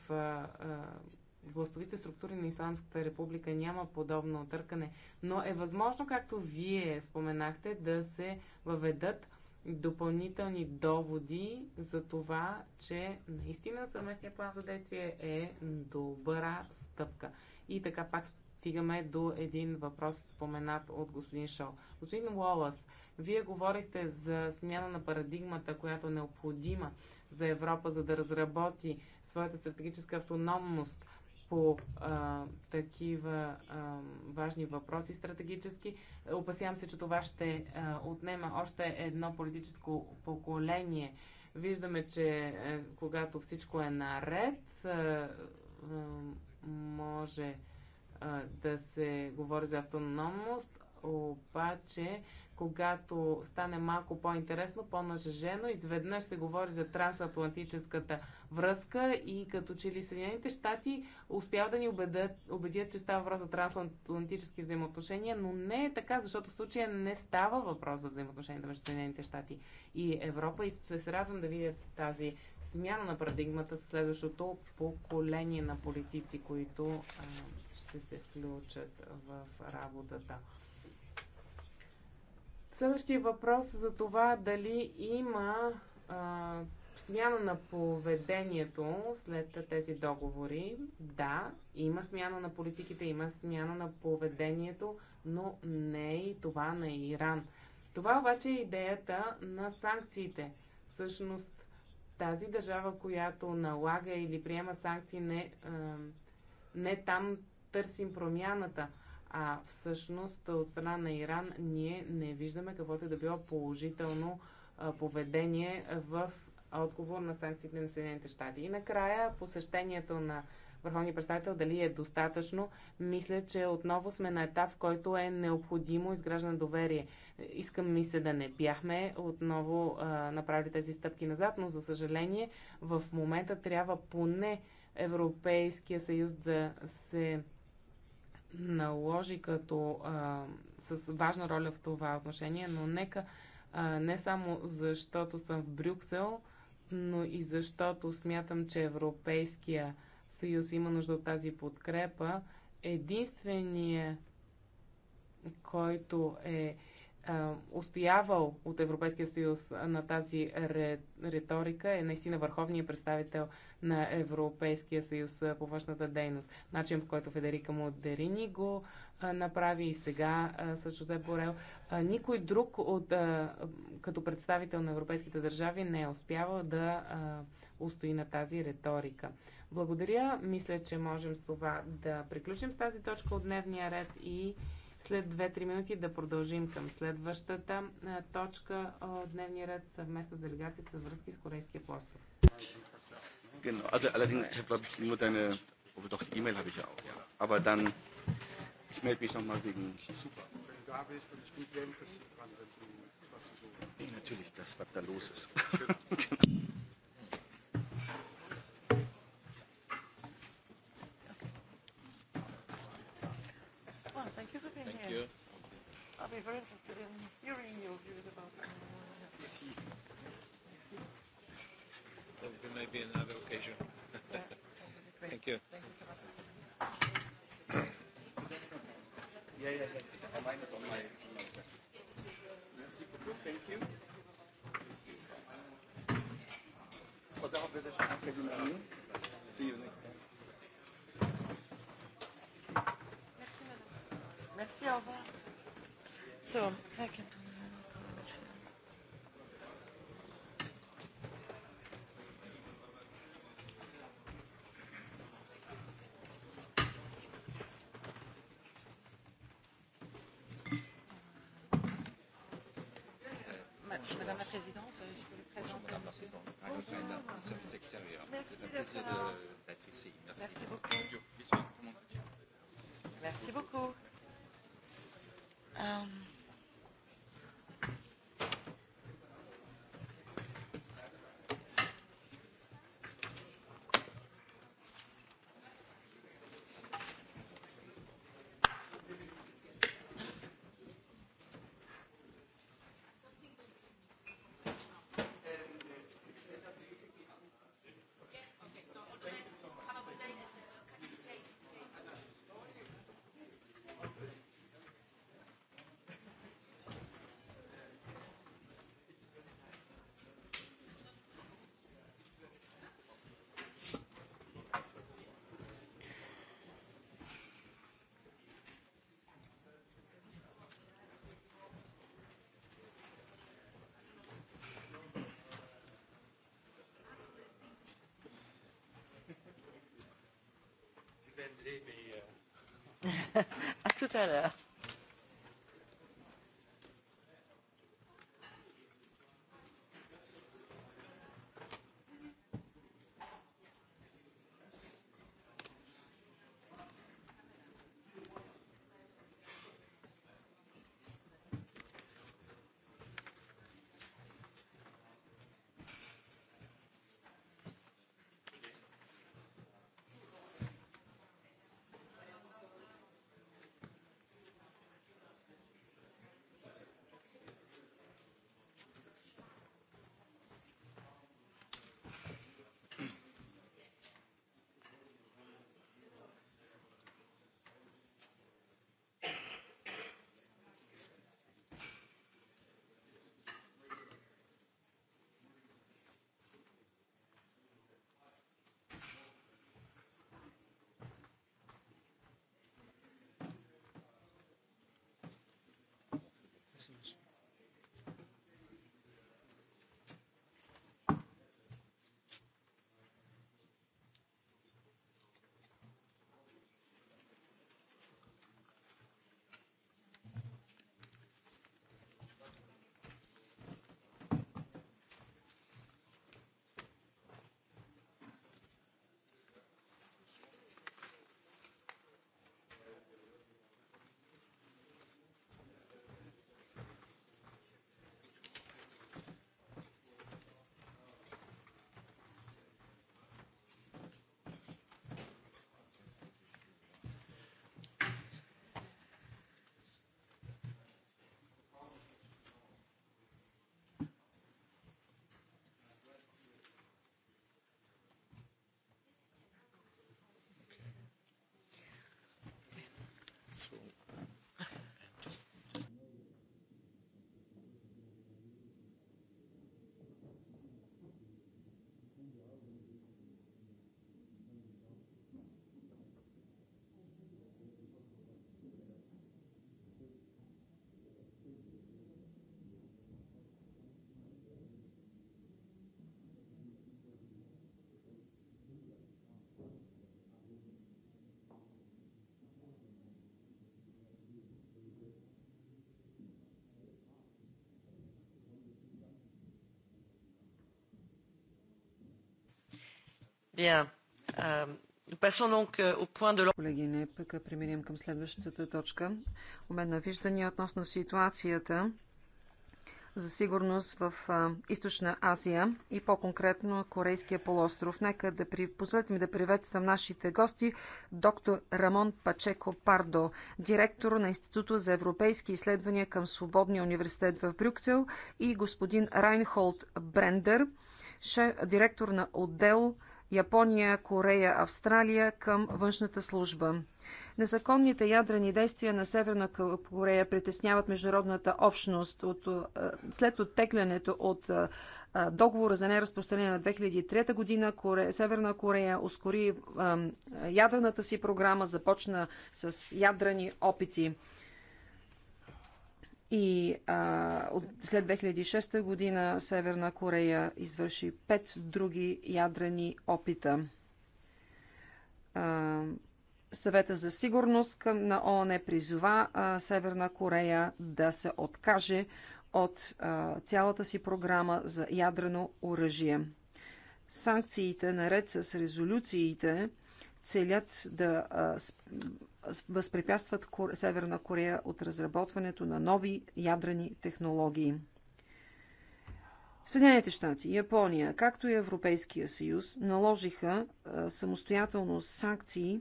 властовите структури на Исламската република няма подобно отъркане, но е възможно, както вие споменахте, да се въведат допълнителни доводи за това, че наистина съвместния план за действие е добра стъпка. И така пак стигаме до един въпрос, споменат от господин Шол. Господин Уолас, вие говорихте за смяна на парадигмата, която е необходима за Европа, за да разработи своята стратегическа автономност по а, такива а, важни въпроси стратегически. Опасявам се, че това ще а, отнема още едно политическо поколение. Виждаме, че а, е, когато всичко е наред, а, е, а, може да се говори за автономност, обаче когато стане малко по-интересно, по-нажежено, изведнъж се говори за трансатлантическата връзка и като че ли Съединените щати успяват да ни убедят, убедят, че става въпрос за трансатлантически взаимоотношения, но не е така, защото в случая не става въпрос за взаимоотношенията между Съединените щати и Европа и се радвам да видят тази смяна на парадигмата с следващото поколение на политици, които а, ще се включат в работата. Следващия въпрос за това дали има а, смяна на поведението след тези договори. Да, има смяна на политиките, има смяна на поведението, но не е и това на Иран. Това обаче е идеята на санкциите. Всъщност, тази държава, която налага или приема санкции, не, не там търсим промяната. А всъщност от страна на Иран ние не виждаме каквото е да било положително поведение в отговор на санкциите на Съединените щати. И накрая посещението на върховния представител дали е достатъчно, мисля, че отново сме на етап, в който е необходимо изграждане доверие. Искам ми се да не бяхме отново а, направили тези стъпки назад, но за съжаление в момента трябва поне Европейския съюз да се наложи като а, с важна роля в това отношение, но нека а, не само защото съм в Брюксел, но и защото смятам, че Европейския съюз има нужда от тази подкрепа. Единственият, който е е, устоявал от Европейския съюз на тази риторика е наистина върховният представител на Европейския съюз е, по външната дейност. Начин по който Федерика Модерини го е, направи и сега с Жозеп Борел. Никой друг от, като представител на европейските държави не е успявал да устои на тази риторика. Благодаря. Мисля, че можем с това да приключим с тази точка от дневния ред и след 2-3 минути да продължим към следващата точка от дневния ред съвместно с делегацията за връзки с Корейския полуостров. Genau, also allerdings, ich habe nur deine, aber doch die E-Mail habe ich ja Aber dann, ich melde mich nochmal wegen. Super, wenn du da bist und ich bin sehr interessiert dran, wenn du was du so. Nee, natürlich, das, was da los ist. genau. Thank you. I'll be very interested in hearing your views about it. There be maybe another occasion. yeah, Thank you. Thank you so much. yeah, yeah, Mine on my Thank you. See you next. Ja, so, second. À tout à l'heure. Thanks so much. Bien. Euh, euh, Колеги, нека преминем към следващата точка. Обмен на виждания относно ситуацията за сигурност в Източна Азия и по-конкретно Корейския полуостров. Нека да при... позволите ми да приветствам нашите гости, доктор Рамон Пачеко Пардо, директор на Института за европейски изследвания към Свободния университет в Брюксел и господин Райнхолд Брендер, шеф... директор на отдел Япония, Корея, Австралия към външната служба. Незаконните ядрени действия на Северна Корея притесняват международната общност. От, след оттеглянето от договора за неразпространение на 2003 година Корея, Северна Корея ускори ядрената си програма, започна с ядрени опити. И а, от, след 2006 година Северна Корея извърши пет други ядрени опита. А, Съвета за сигурност към на ООН е призова а, Северна Корея да се откаже от а, цялата си програма за ядрено оръжие. Санкциите, наред с резолюциите, целят да а, възпрепятстват Северна Корея от разработването на нови ядрени технологии. Съединените щати, Япония, както и Европейския съюз наложиха самостоятелно санкции,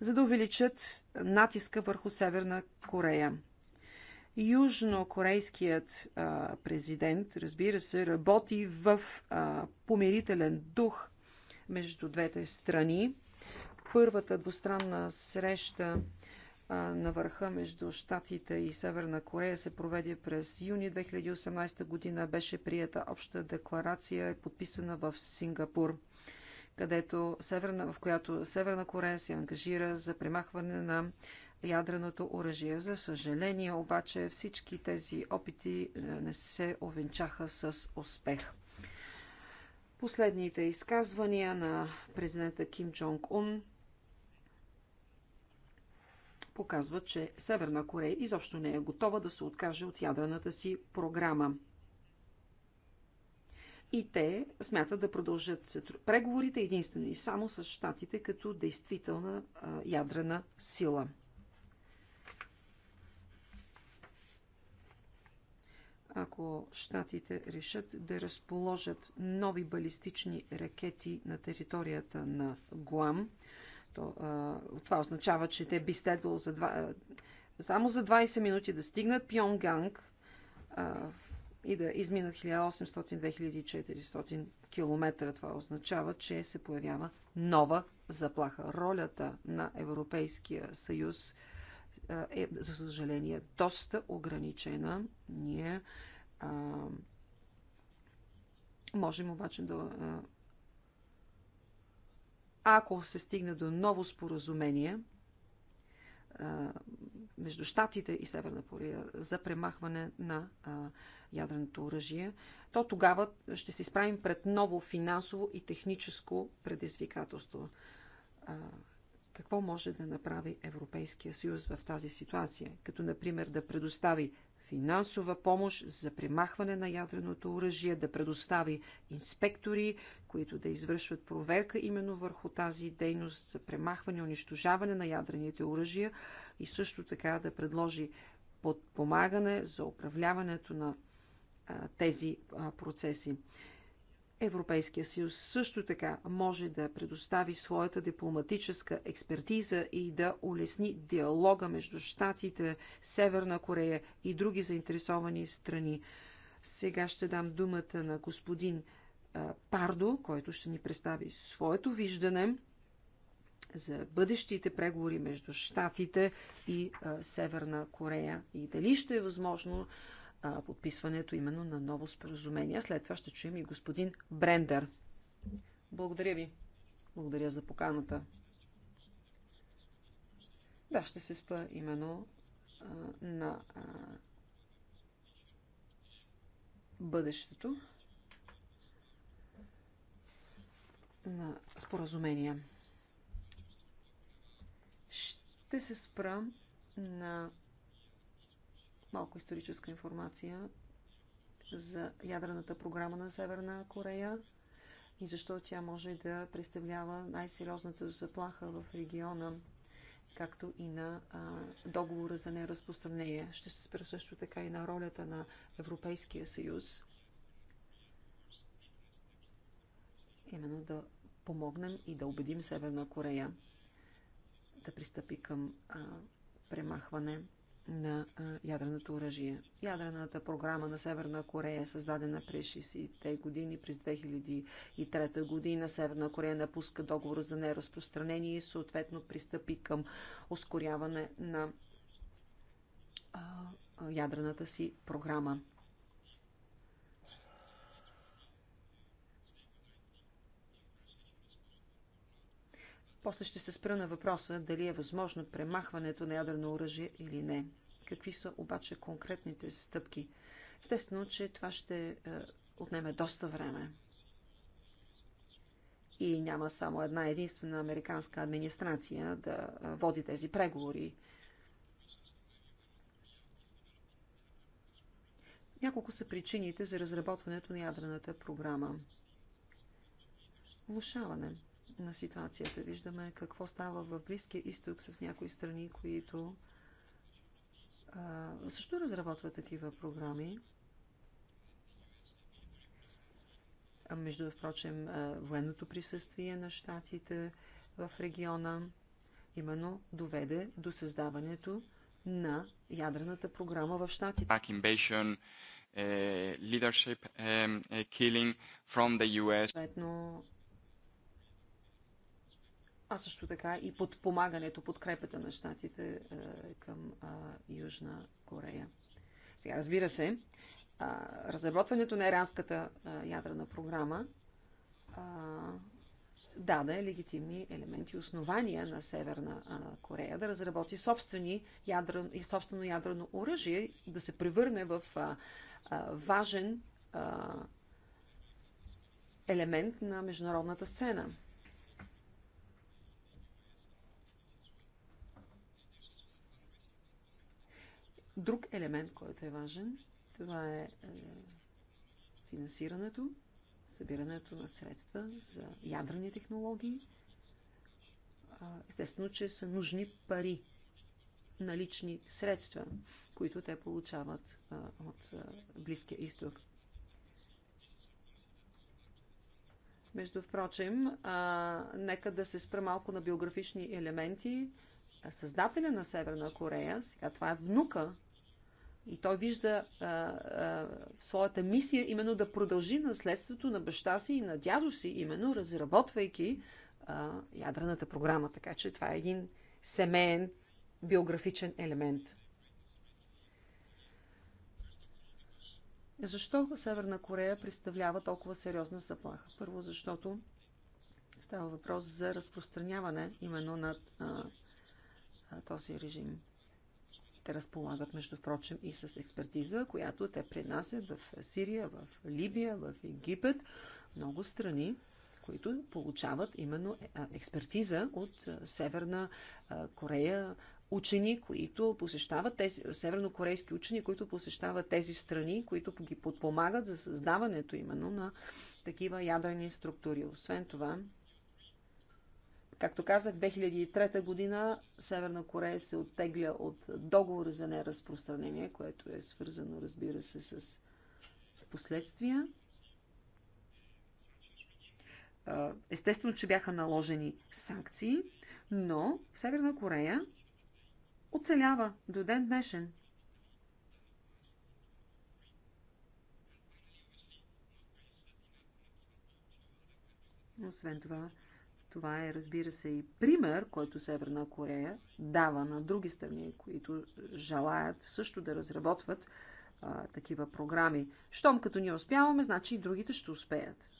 за да увеличат натиска върху Северна Корея. Южнокорейският а, президент, разбира се, работи в а, помирителен дух между двете страни първата двустранна среща на върха между Штатите и Северна Корея се проведе през юни 2018 година. Беше прията обща декларация, подписана в Сингапур, където Северна, в която Северна Корея се ангажира за премахване на ядреното оръжие. За съжаление, обаче всички тези опити е, не се овенчаха с успех. Последните изказвания на президента Ким Чонг Ун Показва, че Северна Корея изобщо не е готова да се откаже от ядрената си програма. И те смятат да продължат преговорите единствено и само с щатите като действителна ядрена сила. ако щатите решат да разположат нови балистични ракети на територията на Гуам, то, а, това означава, че те би следвало за два, само за 20 минути да стигнат Пьонганг а, и да изминат 1800-2400 км. Това означава, че се появява нова заплаха. Ролята на Европейския съюз а, е, за съжаление, доста ограничена. Ние а, можем обаче да ако се стигне до ново споразумение а, между Штатите и Северна Корея за премахване на а, ядреното оръжие, то тогава ще се изправим пред ново финансово и техническо предизвикателство. А, какво може да направи Европейския съюз в тази ситуация? Като, например, да предостави финансова помощ за премахване на ядреното оръжие, да предостави инспектори, които да извършват проверка именно върху тази дейност за премахване и унищожаване на ядрените оръжия и също така да предложи подпомагане за управляването на а, тези а, процеси. Европейския съюз също така може да предостави своята дипломатическа експертиза и да улесни диалога между Штатите, Северна Корея и други заинтересовани страни. Сега ще дам думата на господин Пардо, който ще ни представи своето виждане за бъдещите преговори между Штатите и Северна Корея и дали ще е възможно подписването именно на ново споразумение. След това ще чуем и господин Брендер. Благодаря ви. Благодаря за поканата. Да, ще се спа именно а, на а, бъдещето на споразумения. Ще се спра на малко историческа информация за ядрената програма на Северна Корея и защо тя може да представлява най-сериозната заплаха в региона, както и на а, договора за неразпространение. Ще се спра също така и на ролята на Европейския съюз, именно да помогнем и да убедим Северна Корея да пристъпи към а, премахване на ядреното оръжие. Ядрената програма на Северна Корея е създадена през 60-те години. През 2003 година Северна Корея напуска договор за неразпространение и съответно пристъпи към ускоряване на ядрената си програма. После ще се спра на въпроса дали е възможно премахването на ядрено оръжие или не. Какви са обаче конкретните стъпки? Естествено, че това ще е, отнеме доста време. И няма само една единствена американска администрация да е, води тези преговори. Няколко са причините за разработването на ядрената програма. Влушаване – на ситуацията. Виждаме какво става в Близкия изток в някои страни, които а, също разработват такива програми. А между впрочем, а, военното присъствие на щатите в региона именно доведе до създаването на ядрената програма в щатите. Е, leadership е, е, killing from the US а също така и подпомагането, подкрепата на щатите е, към Южна Корея. Сега, разбира се, разработването на иранската ядрена програма даде легитимни елементи, основания на Северна Корея да разработи собствени ядрен, и собствено ядрено оръжие, да се превърне в важен елемент на международната сцена. Друг елемент, който е важен, това е, е, финансирането, събирането на средства за ядрени технологии. Естествено, че са нужни пари, налични средства, които те получават от Близкия изток. Между впрочем, а, нека да се спре малко на биографични елементи. Създателя на Северна Корея, сега това е внука и той вижда а, а, своята мисия именно да продължи наследството на баща си и на дядо си, именно разработвайки а, ядрената програма. Така че това е един семейен биографичен елемент. Защо Северна Корея представлява толкова сериозна заплаха? Първо, защото става въпрос за разпространяване именно на а, а, този режим. Те разполагат, между прочим, и с експертиза, която те принасят в Сирия, в Либия, в Египет, много страни, които получават именно е, експертиза от Северна Корея, учени, които посещават тези, севернокорейски учени, които посещават тези страни, които ги подпомагат за създаването именно на такива ядрени структури. Освен това, Както казах, 2003 година Северна Корея се оттегля от договор за неразпространение, което е свързано, разбира се, с последствия. Естествено, че бяха наложени санкции, но Северна Корея оцелява до ден днешен. Освен това, това е, разбира се, и пример, който Северна Корея дава на други страни, които желаят също да разработват а, такива програми. Щом като ни успяваме, значи и другите ще успеят.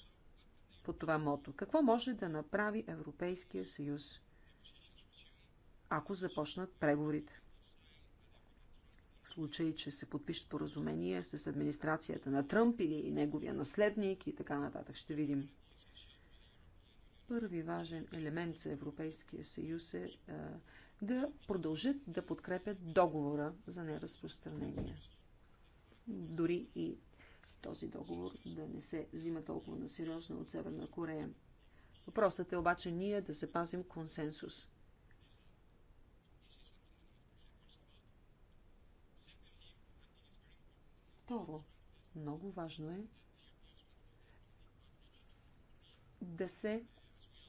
По това мото. Какво може да направи Европейския съюз, ако започнат преговорите? В случай, че се подпишат поразумение с администрацията на Тръмп или неговия наследник и така нататък. Ще видим. Първи важен елемент за Европейския съюз е а, да продължат да подкрепят договора за неразпространение. Дори и този договор да не се взима толкова на сериозно от Северна Корея. Въпросът е обаче ние да запазим консенсус. Второ, много важно е да се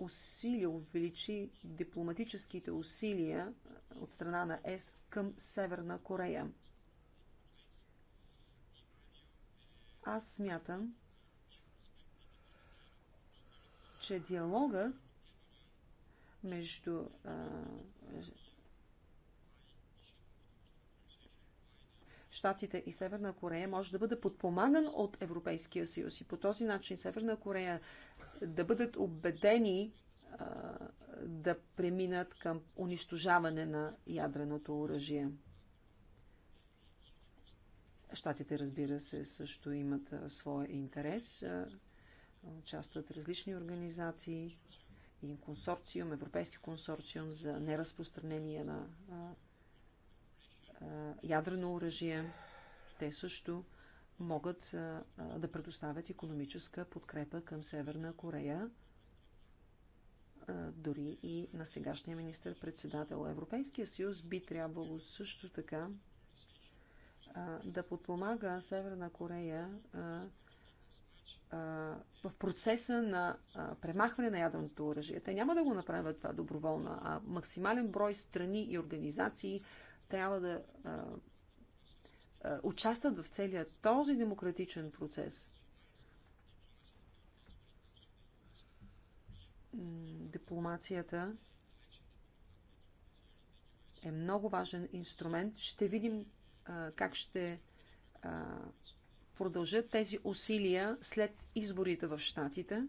усилия, увеличи дипломатическите усилия от страна на ЕС към Северна Корея. Аз смятам, че диалога между а, Штатите и Северна Корея може да бъде подпомаган от Европейския съюз. И по този начин Северна Корея да бъдат убедени а, да преминат към унищожаване на ядреното оръжие. Штатите, разбира се, също имат а, своя интерес. А, участват различни организации, един консорциум, европейски консорциум за неразпространение на а, а, ядрено оръжие. Те също могат да предоставят економическа подкрепа към Северна Корея, дори и на сегашния министр-председател. Европейския съюз би трябвало също така да подпомага Северна Корея в процеса на премахване на ядреното оръжие. Те няма да го направят това доброволно, а максимален брой страни и организации трябва да участват в целия този демократичен процес. Дипломацията е много важен инструмент. Ще видим а, как ще а, продължат тези усилия след изборите в Штатите.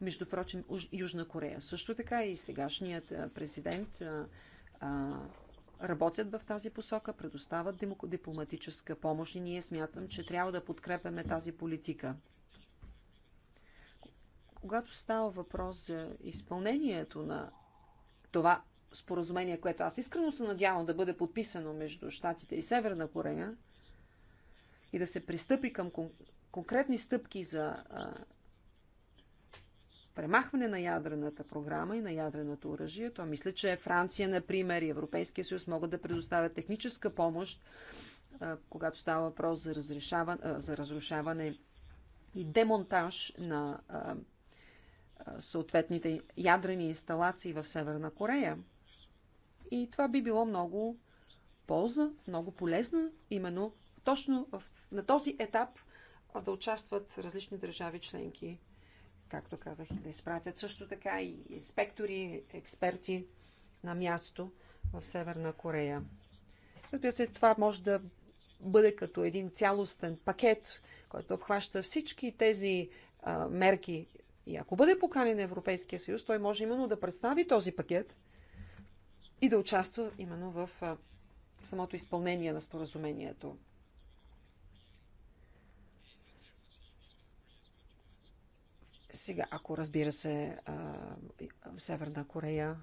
Между прочим, Южна Корея също така и сегашният президент а, работят в тази посока, предоставят дипломатическа помощ и ние смятам, че трябва да подкрепяме тази политика. Когато става въпрос за изпълнението на това споразумение, което аз искрено се надявам да бъде подписано между Штатите и Северна Корея и да се пристъпи към конкретни стъпки за премахване на ядрената програма и на ядреното оръжие, то мисля, че Франция, например, и Европейския съюз могат да предоставят техническа помощ, когато става въпрос за, за разрушаване и демонтаж на съответните ядрени инсталации в Северна Корея. И това би било много полза, много полезно, именно точно в, на този етап да участват различни държави членки както казах, да изпратят също така и инспектори, експерти на място в Северна Корея. Разбира се, това може да бъде като един цялостен пакет, който обхваща всички тези а, мерки. И ако бъде поканен Европейския съюз, той може именно да представи този пакет и да участва именно в а, самото изпълнение на споразумението. Сега, ако разбира се, Северна Корея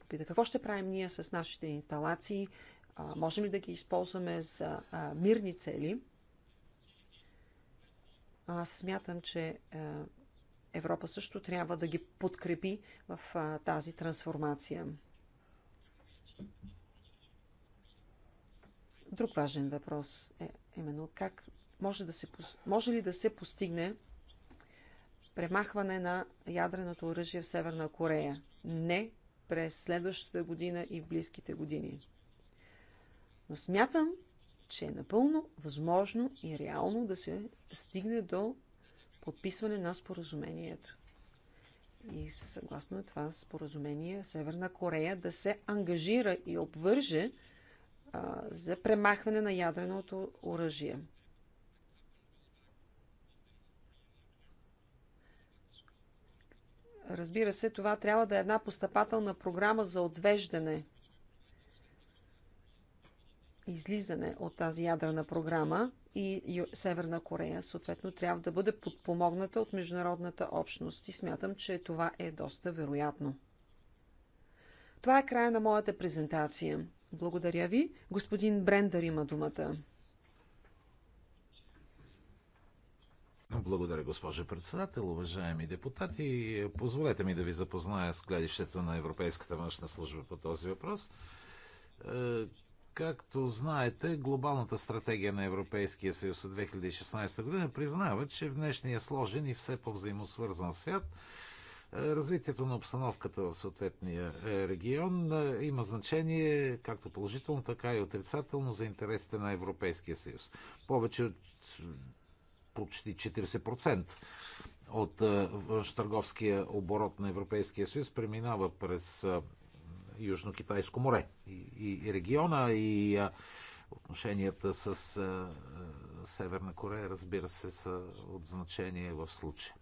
попита какво ще правим ние с нашите инсталации, можем ли да ги използваме за мирни цели, аз смятам, че Европа също трябва да ги подкрепи в тази трансформация. Друг важен въпрос е именно как може, да се, може ли да се постигне премахване на ядреното оръжие в Северна Корея. Не през следващата година и в близките години. Но смятам, че е напълно възможно и реално да се стигне до подписване на споразумението. И съгласно това споразумение Северна Корея да се ангажира и обвърже а, за премахване на ядреното оръжие. Разбира се, това трябва да е една постъпателна програма за отвеждане, излизане от тази ядрена програма и Северна Корея съответно трябва да бъде подпомогната от международната общност и смятам, че това е доста вероятно. Това е края на моята презентация. Благодаря ви. Господин Брендър има думата. Благодаря, госпожо председател. Уважаеми депутати, позволете ми да ви запозная с гледището на Европейската външна служба по този въпрос. Е, както знаете, глобалната стратегия на Европейския съюз от 2016 година признава, че в днешния сложен и все по-взаимосвързан свят е, развитието на обстановката в съответния е, регион има значение както положително, така и отрицателно за интересите на Европейския съюз. Повече от почти 40% от търговския оборот на Европейския съюз преминава през Южно-Китайско море и, и, региона и отношенията с Северна Корея, разбира се, са от значение в случая.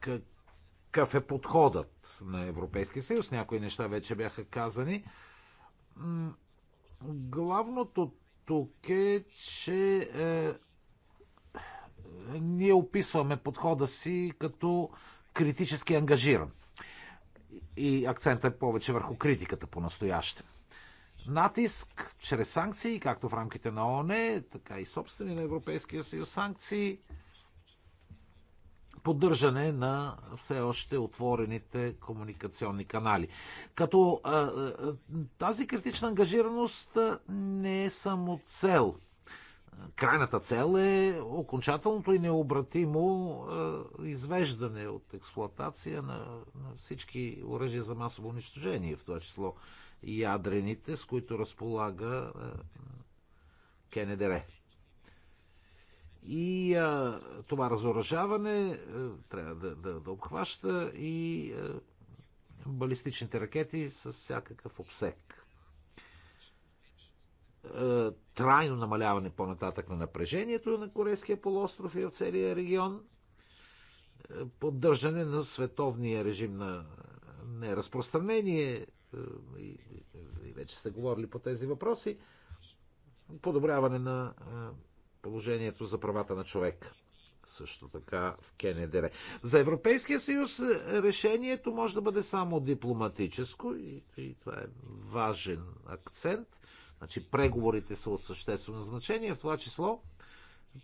Какъв е подходът на Европейския съюз? Някои неща вече бяха казани. Главното тук е, че е, ние описваме подхода си като критически ангажиран. И акцентът е повече върху критиката по-настояще. Натиск чрез санкции, както в рамките на ООН, така и собствени на Европейския съюз санкции, поддържане на все още отворените комуникационни канали. Като тази критична ангажираност не е само цел – крайната цел е окончателното и необратимо извеждане от експлоатация на, на всички оръжия за масово унищожение, в това число и ядрените, с които разполага КНДР. И а, това разоръжаване а, трябва да, да, да обхваща и а, балистичните ракети с всякакъв обсек. Е, трайно намаляване по-нататък на напрежението на Корейския полуостров и в целия регион, е, поддържане на световния режим на неразпространение, е, и вече сте говорили по тези въпроси, подобряване на положението за правата на човека. Също така в Кенедере. За Европейския съюз решението може да бъде само дипломатическо и, и това е важен акцент Значи преговорите са от съществено значение, в това число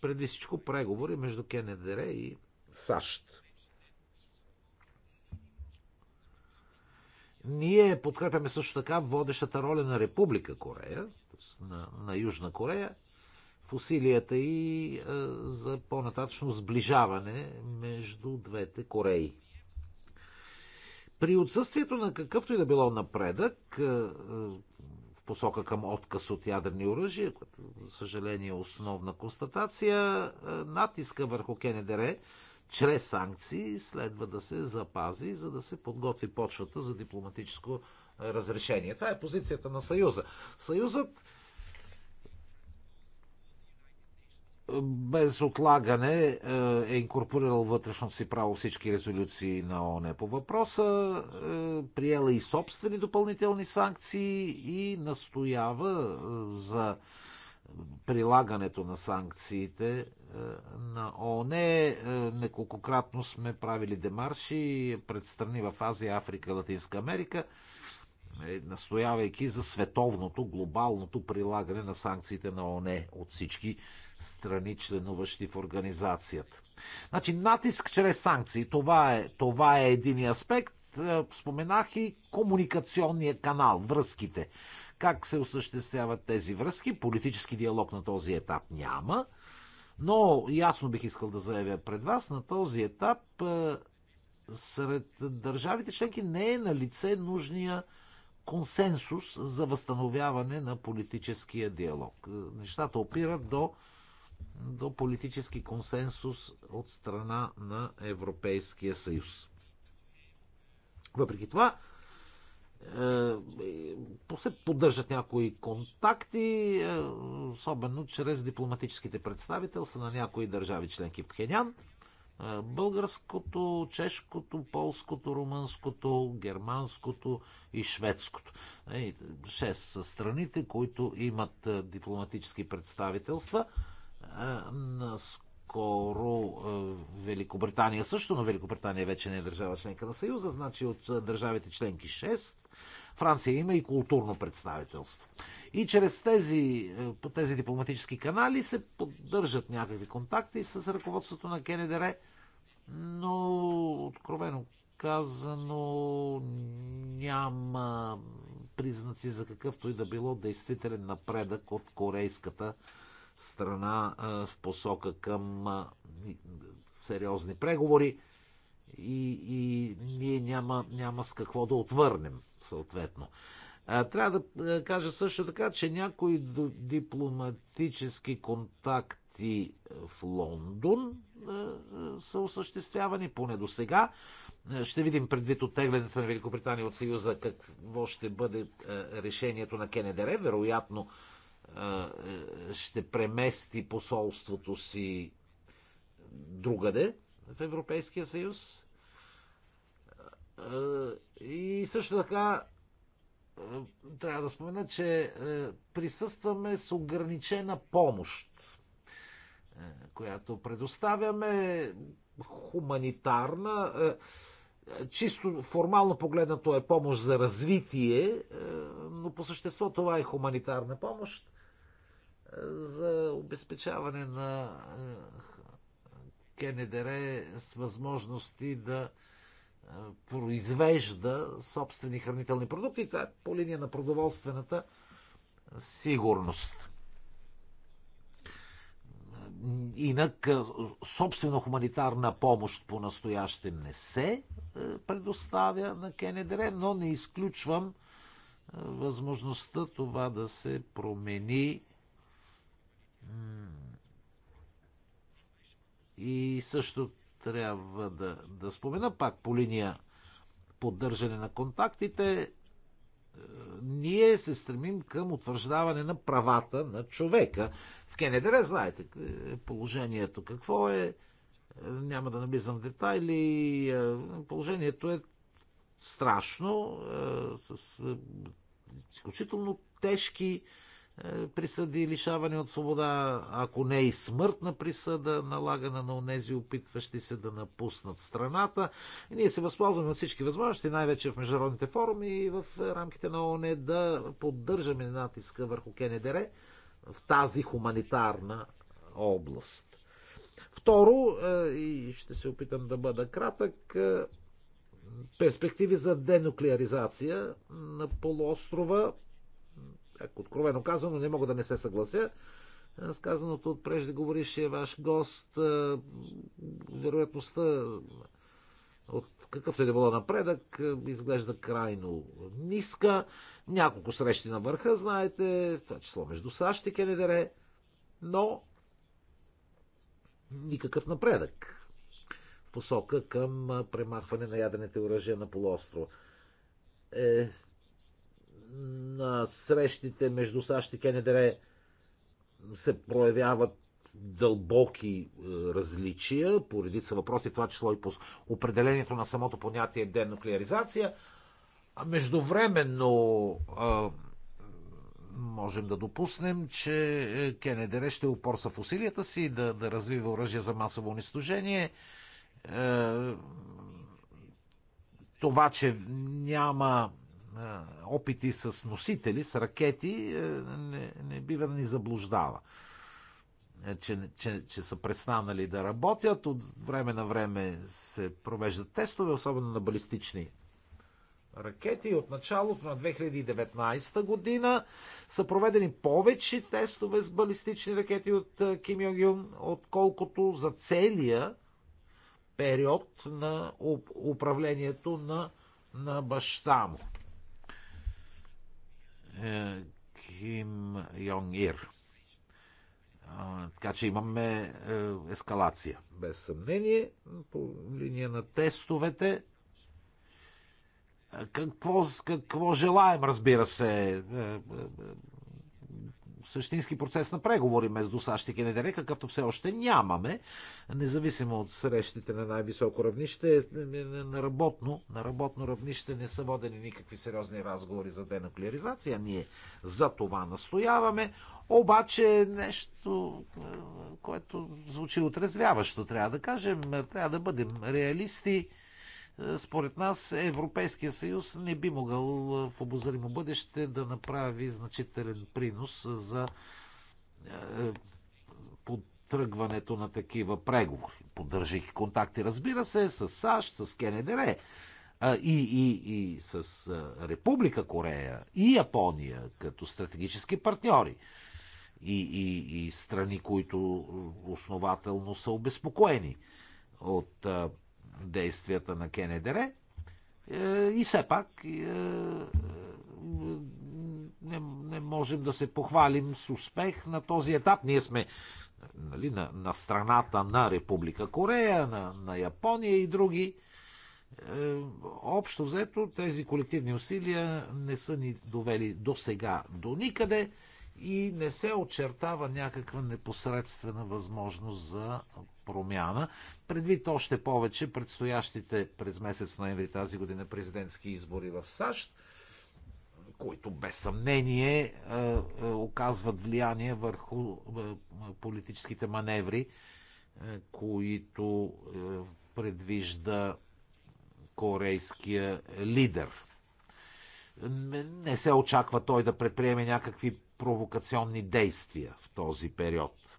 преди всичко преговори между КНДР и САЩ. Ние подкрепяме също така водещата роля на Република Корея, т.е. На, на Южна Корея, в усилията и е, за по-нататъчно сближаване между двете Кореи. При отсъствието на какъвто и да било напредък, посока към отказ от ядрени оръжия, което, за съжаление, е основна констатация, е, натиска върху КНДР чрез санкции следва да се запази, за да се подготви почвата за дипломатическо разрешение. Това е позицията на Съюза. Съюзът без отлагане е, е инкорпорирал вътрешното си право всички резолюции на ООН по въпроса, е, приела и собствени допълнителни санкции и настоява е, за прилагането на санкциите на ООН. Неколкократно сме правили демарши пред страни в Азия, Африка, Латинска Америка, настоявайки за световното, глобалното прилагане на санкциите на ООН от всички страни, членуващи в организацията. Значи натиск чрез санкции, това е, това е един аспект. Е, споменах и комуникационния канал, връзките. Как се осъществяват тези връзки? Политически диалог на този етап няма. Но ясно бих искал да заявя пред вас, на този етап е, сред държавите членки не е на лице нужния консенсус за възстановяване на политическия диалог. Е, нещата опират до до политически консенсус от страна на Европейския съюз. Въпреки това, е, се поддържат някои контакти, е, особено чрез дипломатическите представителства на някои държави членки в Пхенян. Е, българското, чешкото, полското, румънското, германското и шведското. Шест са страните, които имат дипломатически представителства – е, наскоро е, Великобритания също, но Великобритания вече не е държава членка на Съюза, значи от е, държавите членки 6. Франция има и културно представителство. И чрез тези, по тези дипломатически канали се поддържат някакви контакти с ръководството на КНДР, но откровено казано няма признаци за какъвто и да било действителен напредък от корейската страна в посока към сериозни преговори и, и ние няма, няма с какво да отвърнем, съответно. Трябва да кажа също така, че някои дипломатически контакти в Лондон са осъществявани, поне до сега. Ще видим предвид оттеглянето на Великобритания от Съюза какво ще бъде решението на КНДР. Вероятно е, ще премести посолството си другаде в Европейския съюз. Е, и също така е, трябва да спомена, че присъстваме с ограничена помощ, която предоставяме хуманитарна. Чисто формално погледнато е помощ за развитие но по същество това е хуманитарна помощ е, за обезпечаване на е, КНДР с възможности да е, произвежда собствени хранителни продукти. Това е по линия на продоволствената сигурност. Инак, собствено хуманитарна помощ по настояще не се предоставя на КНДР, но не изключвам възможността това да се промени и също трябва да, да спомена пак по линия поддържане на контактите, е, ние се стремим към утвърждаване на правата на човека. В КНДР, знаете, е, положението какво е. е, няма да навлизам в детайли, положението е страшно, е, с е, изключително тежки е, присъди, лишаване от свобода, ако не и смъртна присъда, налагана на онези опитващи се да напуснат страната. И ние се възползваме от всички възможности, най-вече в международните форуми и в рамките на ООН да поддържаме натиска върху КНДР в тази хуманитарна област. Второ, и ще се опитам да бъда кратък, перспективи за денуклеаризация на полуострова. Как откровено казано, не мога да не се съглася. Сказаното казаното от преждеговорившия ваш гост, е, вероятността от какъвто е да било напредък, е, изглежда крайно ниска. Няколко срещи на върха, знаете, в това число между САЩ и Кенедере, но никакъв напредък посока към премахване на ядрените оръжия на полуострова. Е, на срещите между САЩ и КНДР се проявяват дълбоки е, различия по редица въпроси, това число и по определението на самото понятие денуклеаризация. А междувременно а, можем да допуснем, че е, КНДР ще е упорса в усилията си да, да развива оръжие за масово унищожение е, това, че няма е, опити с носители, с ракети, е, не, не бива да ни заблуждава. Че, че, че са престанали да работят. От време на време се провеждат тестове, особено на балистични ракети. От началото на 2019 година са проведени повече тестове с балистични ракети от Ким Йонг Юн, отколкото за целия период на управлението на, на баща му. Е, Ким Йонг Ир. Така че имаме е, ескалация, без съмнение, по линия на тестовете. Е, какво, какво желаем, разбира се? същински процес на преговори между САЩ и КНДР, какъвто все още нямаме, независимо от срещите на най-високо равнище, е, на работно, на работно равнище не са водени никакви сериозни разговори за денуклеаризация. Ние за това настояваме. Обаче нещо, е, което звучи отрезвяващо, трябва да кажем, е, трябва да бъдем реалисти според нас Европейския съюз не би могъл в обозримо бъдеще да направи значителен принос за подтръгването на такива преговори. Поддържих контакти, разбира се, с САЩ, с КНДР и, и, и с Република Корея и Япония като стратегически партньори и, и, и страни, които основателно са обезпокоени от действията на КНДР. Е, и все пак е, е, не, не можем да се похвалим с успех на този етап. Ние сме нали, на, на страната на Република Корея, на, на Япония и други. Е, общо взето тези колективни усилия не са ни довели до сега до никъде и не се очертава някаква непосредствена възможност за промяна, предвид още повече предстоящите през месец ноември тази година президентски избори в САЩ, които без съмнение е, е, оказват влияние върху е, политическите маневри, които предвижда корейския лидер. Не се очаква той да предприеме някакви провокационни действия в този период.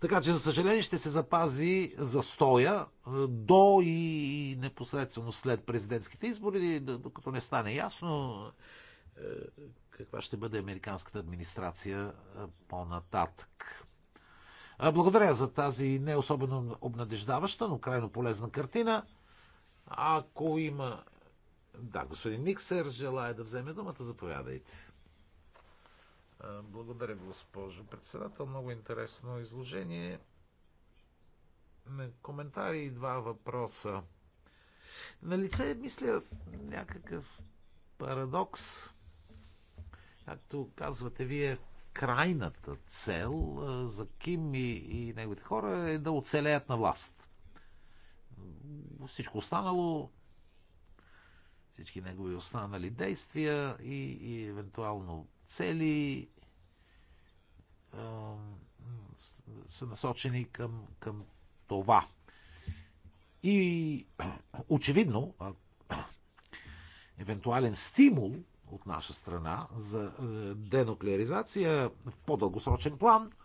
Така че, за съжаление, ще се запази застоя е, до и непосредствено след президентските избори, е, докато не стане ясно е, каква ще бъде американската администрация по-нататък. Благодаря за тази не особено обнадеждаваща, но крайно полезна картина. Ако има... Да, господин Никсер желая да вземе думата, заповядайте. Благодаря, госпожо председател. Много интересно изложение. Коментари и два въпроса. На лице, мисля, някакъв парадокс. Както казвате вие, крайната цел за Ким и, и неговите хора е да оцелеят на власт. Всичко останало, всички негови останали действия и, и евентуално цели са насочени към, към това. И очевидно, евентуален стимул от наша страна за е, денуклеаризация в по-дългосрочен план –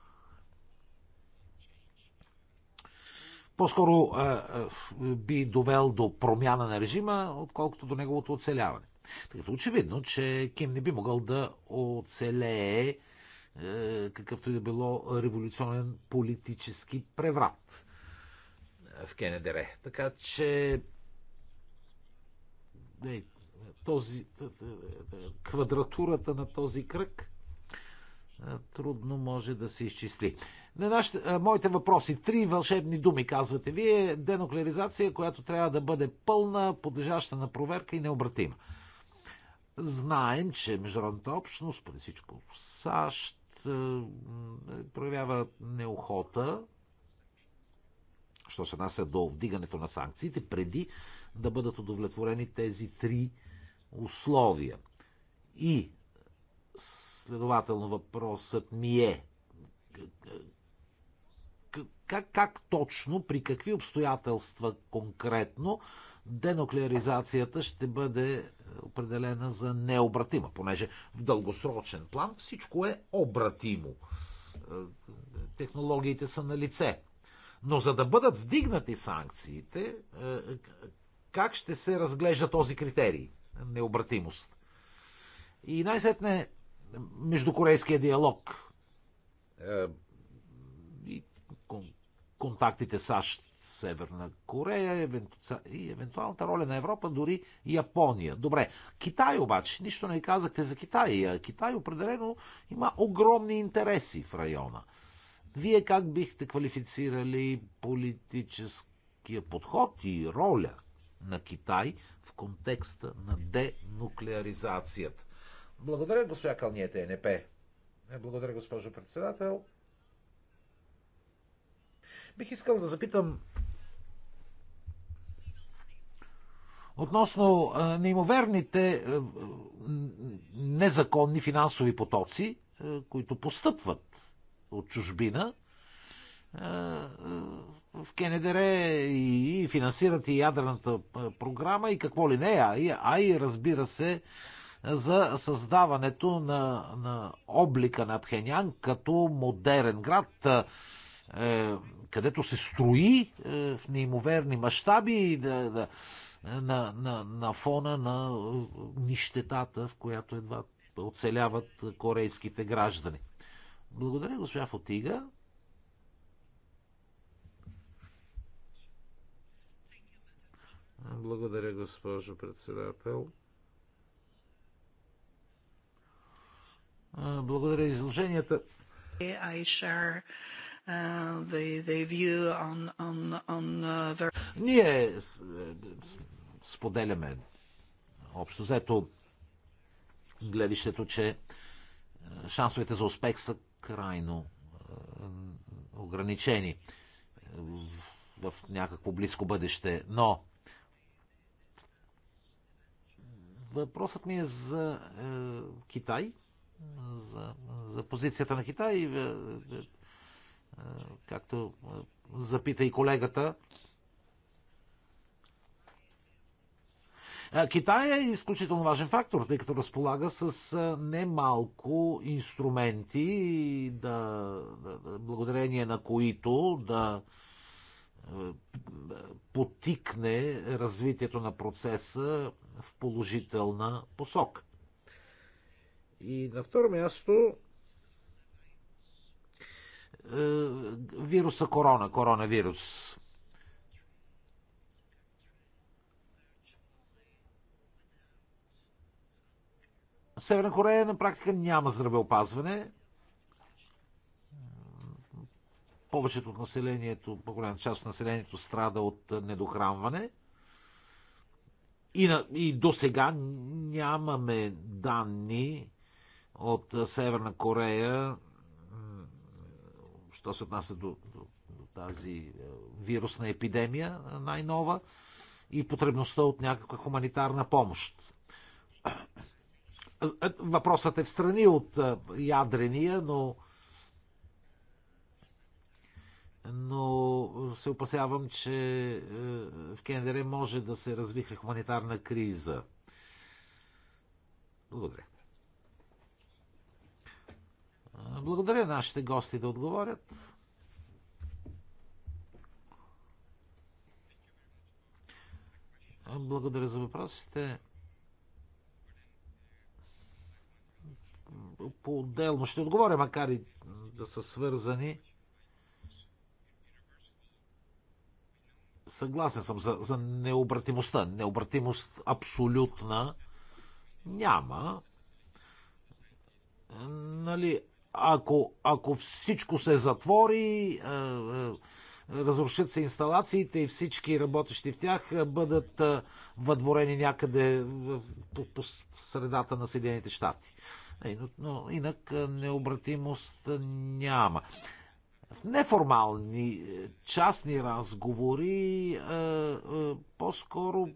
по-скоро е, е, би довел до промяна на режима, отколкото до неговото оцеляване. Тъй като очевидно, че Ким не би могъл да оцелее е, какъвто и да било революционен политически преврат в КНДР. Така че този, е, е, квадратурата на този кръг трудно може да се изчисли. На нашите, моите въпроси. Три вълшебни думи, казвате вие. Денуклеаризация, която трябва да бъде пълна, подлежаща на проверка и необратима. Знаем, че международната общност, преди всичко САЩ, е, проявява неохота, що се нася до вдигането на санкциите, преди да бъдат удовлетворени тези три условия. И следователно въпросът ми е как, как точно, при какви обстоятелства конкретно денуклеаризацията ще бъде определена за необратима, понеже в дългосрочен план всичко е обратимо. Е, технологиите са на лице. Но за да бъдат вдигнати санкциите, е, как ще се разглежда този критерий? Необратимост. И най-сетне междукорейския диалог е, и контактите САЩ Северна Корея и евентуалната роля на Европа, дори Япония. Добре, Китай обаче, нищо не казахте за Китай. Китай определено има огромни интереси в района. Вие как бихте квалифицирали политическия подход и роля на Китай в контекста на денуклеаризацията? Благодаря, госпожа Калниете, НП. Е, благодаря, госпожо председател. Бих искал да запитам относно е, неимоверните е, е, незаконни финансови потоци, които постъпват от чужбина в КНДР и финансират и ядрената програма и какво ли не, а и разбира се за създаването на, на облика на Пхенян като модерен град, където се строи в неимоверни мащаби да, да, на, на, на фона на нищетата, в която едва оцеляват корейските граждани. Благодаря, госпожа Фотига. Благодаря, госпожо председател. Благодаря изложенията. I share the, uh, the view on, on, on uh, Ние споделяме общо взето гледището, че е, шансовете за успех са крайно е, ограничени е, в някакво близко бъдеще. Но въпросът ми е за е, Китай, за, за позицията на Китай както запита и колегата. Китай е изключително важен фактор, тъй като разполага с немалко инструменти, да, да, благодарение на които да потикне развитието на процеса в положителна посока. И на второ място е, вируса корона, коронавирус. Северна Корея на практика няма здравеопазване. Повечето от населението, по-голяма част от населението страда от недохранване. И, на, и до сега нямаме данни от Северна Корея що се отнася до, до, до тази е, вирусна епидемия, е, най-нова, и потребността от някаква хуманитарна помощ. Е, въпросът е в страни от ядрения, но но се опасявам, че в Кендере може да се развихри хуманитарна криза. Благодаря. Благодаря нашите гости да отговорят. Благодаря за въпросите. По-отделно ще отговоря, макар и да са свързани. Съгласен съм за, за необратимостта. Необратимост абсолютна няма. Нали, ако, ако всичко се затвори, е, е, разрушат се инсталациите и всички работещи в тях е, бъдат въдворени някъде по, по средата на Съединените щати. Но, но инак необратимост няма. В неформални частни разговори по-скоро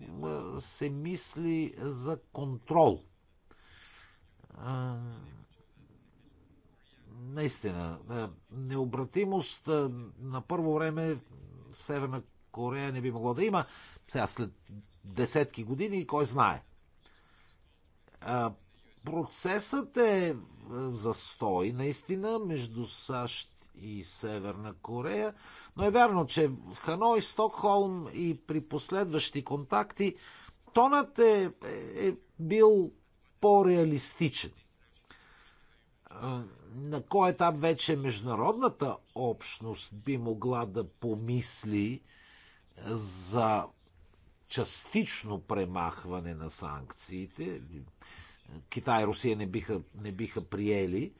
се мисли за контрол Наистина, е, необратимост е, на първо време в Северна Корея не би могло да има. Сега след десетки години, кой знае. Е, процесът е застой, наистина, между САЩ и Северна Корея. Но е вярно, че в Ханой, Стокхолм и при последващи контакти тонът е, е бил по-реалистичен на кой етап вече международната общност би могла да помисли е, за частично премахване на санкциите. Китай и Русия не биха, не биха приели е,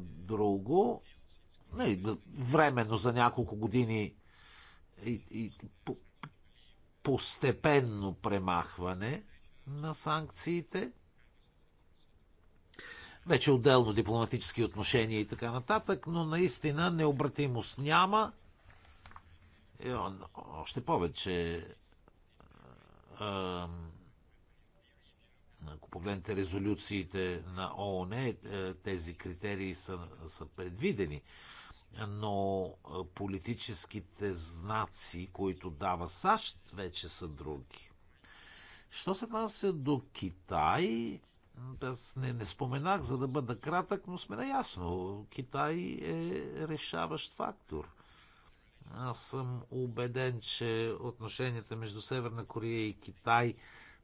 друго. Нали, временно за няколко години и, и по, постепенно премахване на санкциите – вече отделно дипломатически отношения и така нататък, но наистина необратимост няма. И он, още повече, ако погледнете резолюциите на ООН, е, тези критерии са, са предвидени но политическите знаци, които дава САЩ, вече са други. Що се отнася до Китай, Ами аз не, не споменах, за да бъда кратък, но сме наясно. Китай е решаващ фактор. Аз съм убеден, че отношенията между Северна Корея и Китай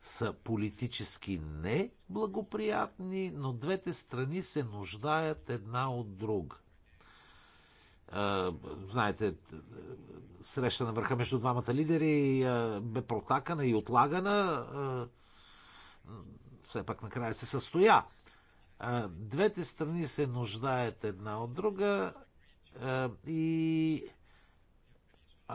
са политически неблагоприятни, но двете страни се нуждаят една от друга. Знаете, среща на върха между двамата лидери бе протакана и отлагана все пак накрая се състоя. Двете страни се нуждаят една от друга и е,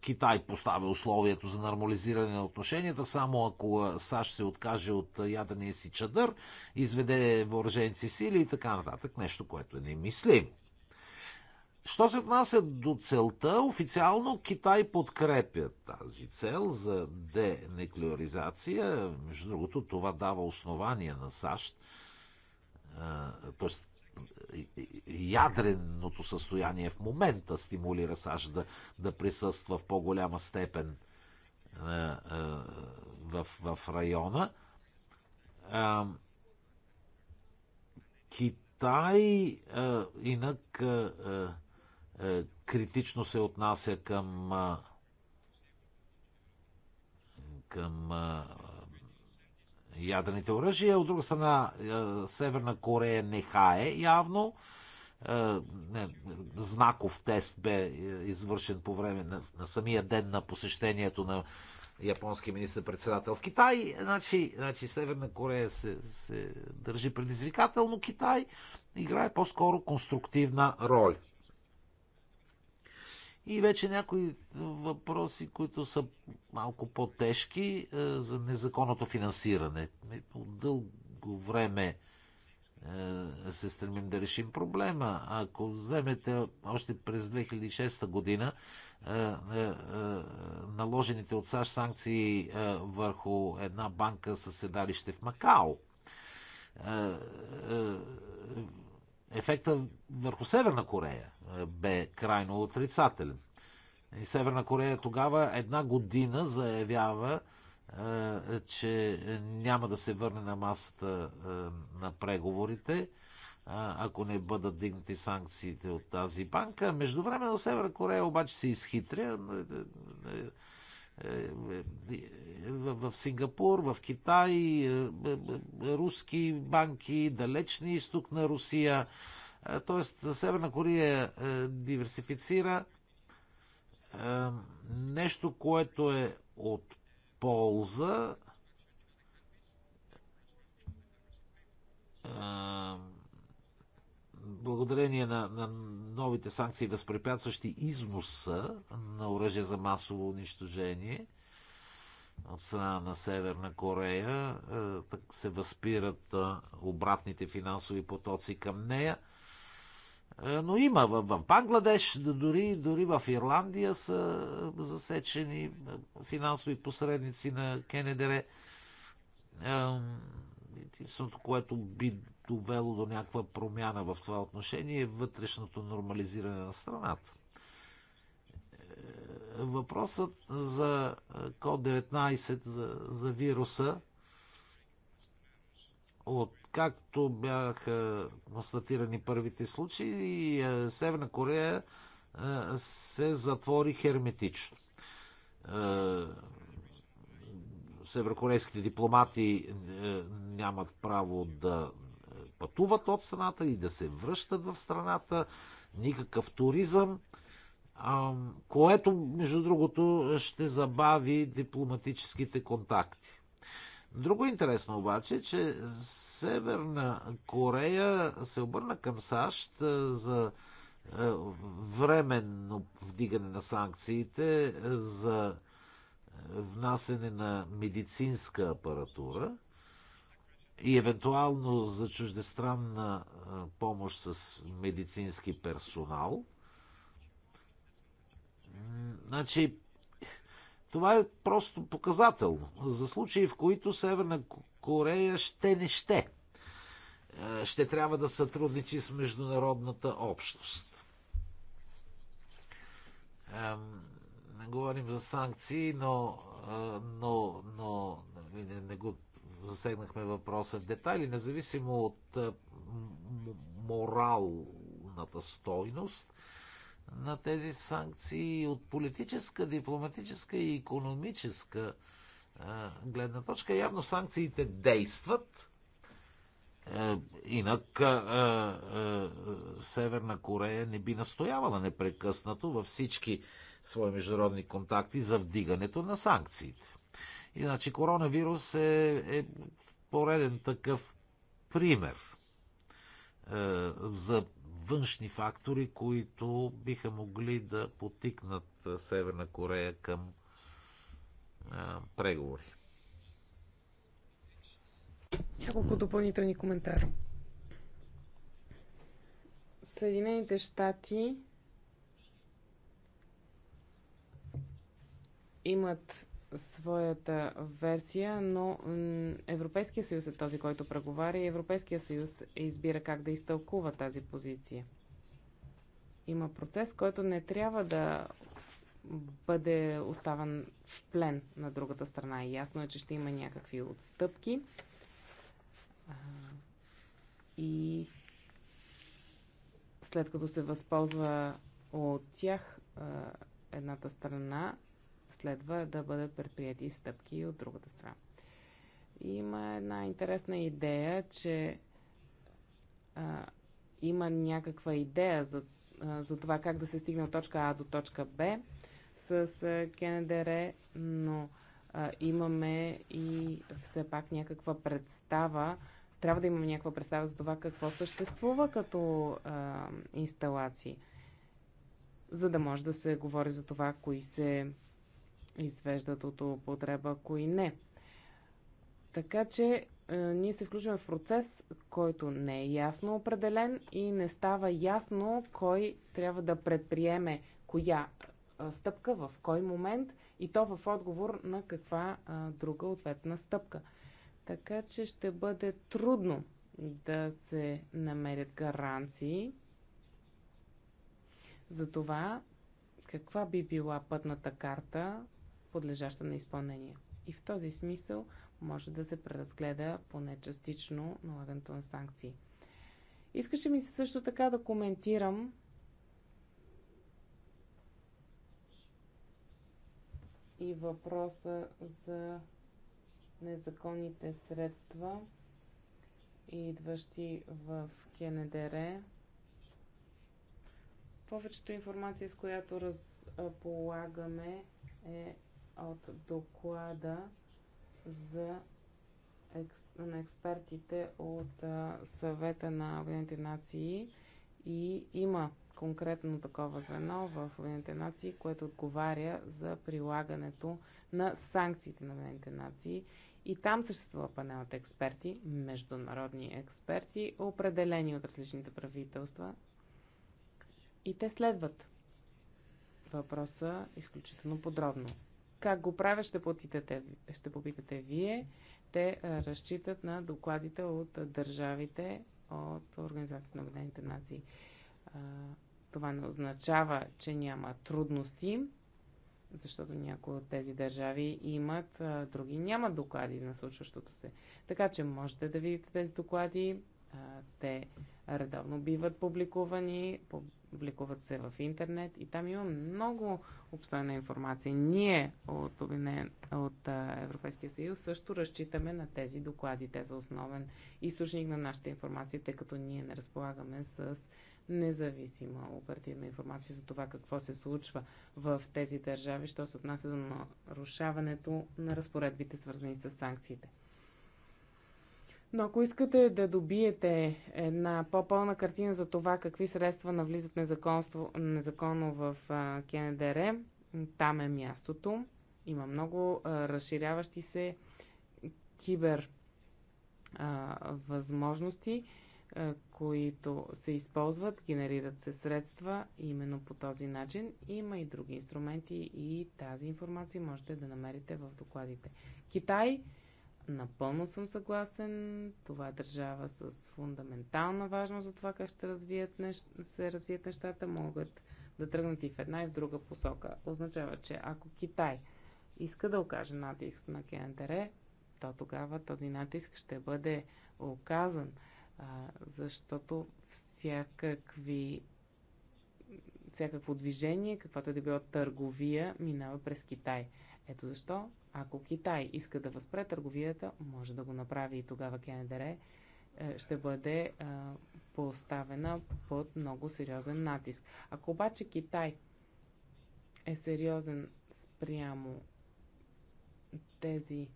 Китай поставя условието за нормализиране на отношенията, само ако САЩ се откаже от ядения си чадър, изведе въоръженци сили и така нататък. Нещо, което е немислимо. Що се отнася до целта, официално Китай подкрепя тази цел за денеклеоризация. Между другото, това дава основание на САЩ, т.е. ядреното състояние в момента стимулира САЩ да, да присъства в по-голяма степен в, в района. Китай, инак, е, критично се отнася към е, към е, ядрените оръжия. От друга страна, Северна Корея не хае явно. Знаков тест бе извършен по време на, на самия ден на посещението на японския министр-председател в Китай. Значи, значи Северна Корея се, се държи предизвикателно. Китай играе по-скоро конструктивна роля. И вече някои въпроси, които са малко по-тежки е, за незаконното финансиране. От дълго време е, се стремим да решим проблема. Ако вземете още през 2006 година е, наложените от САЩ санкции върху една банка със седалище в Макао, ефекта върху Северна Корея е, бе крайно отрицателен. И Северна Корея тогава една година заявява, е, че няма да се върне на масата е, на преговорите, ако не бъдат дигнати санкциите от тази банка. Междувременно Северна Корея обаче се изхитря в Сингапур, в Китай, руски банки, далечни изток на Русия е, тоест, Северна Корея е, диверсифицира е, нещо, което е от полза. благодарение на, на новите санкции, възпрепятстващи износа на оръжие за масово унищожение от страна на Северна Корея, се възпират обратните финансови потоци към нея. Е, но има в, Бангладеш, дори, дори в Ирландия са засечени е, финансови посредници на КНДР, единственото, което би довело до някаква промяна в това отношение е вътрешното нормализиране на страната. Е, въпросът за COVID-19, за, за вируса от Както бяха констатирани първите случаи, е, Северна Корея е, се затвори херметично. Е, северокорейските дипломати нямат право да пътуват от страната и да се връщат в страната, никакъв туризъм, което, между другото, ще забави дипломатическите контакти. Друго интересно обаче е, че Северна Корея се обърна към САЩ за временно вдигане на санкциите за внасене на медицинска апаратура и евентуално за чуждестранна помощ с медицински персонал. Значи, това е просто показателно за случаи, в които Северна Корея ще не ще. Е, ще трябва да сътрудничи с международната общност. Не говорим за санкции, но, е, но, но нали, не, не го засегнахме въпроса в детайли, независимо от е, моралната стойност – на тези санкции от политическа, дипломатическа и економическа е, гледна точка. Явно санкциите действат. Е, инак е, Северна Корея не би настоявала непрекъснато във всички свои международни контакти за вдигането на санкциите. Иначе коронавирус е, е пореден такъв пример за външни фактори, които биха могли да потикнат Северна Корея към а, преговори. Няколко допълнителни коментари. Съединените щати имат своята версия, но Европейския съюз е този, който преговаря и Европейския съюз избира как да изтълкува тази позиция. Има процес, който не трябва да бъде оставан в плен на другата страна. И ясно е, че ще има някакви отстъпки. И след като се възползва от тях едната страна, следва да бъдат предприяти стъпки от другата страна. Има една интересна идея, че а, има някаква идея за, а, за това как да се стигне от точка А до точка Б с а, КНДР, но а, имаме и все пак някаква представа, трябва да имаме някаква представа за това какво съществува като а, инсталации, за да може да се говори за това кои се извеждат от употреба, кои не. Така че е, ние се включваме в процес, който не е ясно определен и не става ясно кой трябва да предприеме коя е, стъпка, в кой момент и то в отговор на каква а, е, друга ответна стъпка. Така че ще бъде трудно да се намерят гаранции за това каква би била пътната карта подлежаща на изпълнение. И в този смисъл може да се преразгледа поне частично налагането на санкции. Искаше ми се също така да коментирам и въпроса за незаконните средства, идващи в КНДР. Повечето информация, с която разполагаме, е от доклада за екс, на експертите от а, съвета на Обединените нации и има конкретно такова звено в Обединените нации, което отговаря за прилагането на санкциите на Обединените нации. И там съществува панел от експерти, международни експерти, определени от различните правителства. И те следват въпроса изключително подробно. Как го правя, ще, платите, ще попитате вие. Те разчитат на докладите от държавите от Организацията на Обединените нации. Това не означава, че няма трудности, защото някои от тези държави имат, а, други нямат доклади на случващото се. Така че можете да видите тези доклади. А, те редовно биват публикувани, публикуват се в интернет и там има много обстойна информация. Ние от, от Европейския съюз също разчитаме на тези доклади. Те са основен източник на нашата информация, тъй като ние не разполагаме с независима оперативна информация за това какво се случва в тези държави, що се отнася до нарушаването на разпоредбите, свързани с санкциите. Но ако искате да добиете една по-пълна картина за това какви средства навлизат незаконно в КНДР, там е мястото. Има много разширяващи се кибер възможности, които се използват, генерират се средства именно по този начин. Има и други инструменти и тази информация можете да намерите в докладите. Китай Напълно съм съгласен. Това е държава с фундаментална важност за това как ще развият нещ... се развият нещата. Могат да тръгнат и в една и в друга посока. Означава, че ако Китай иска да окаже натиск на КНДР, е, то тогава този натиск ще бъде оказан, защото всякакви всякакво движение, каквато е да било търговия, минава през Китай. Ето защо ако Китай иска да възпре търговията, може да го направи и тогава КНДР е, ще бъде е, поставена под много сериозен натиск. Ако обаче Китай е сериозен спрямо тези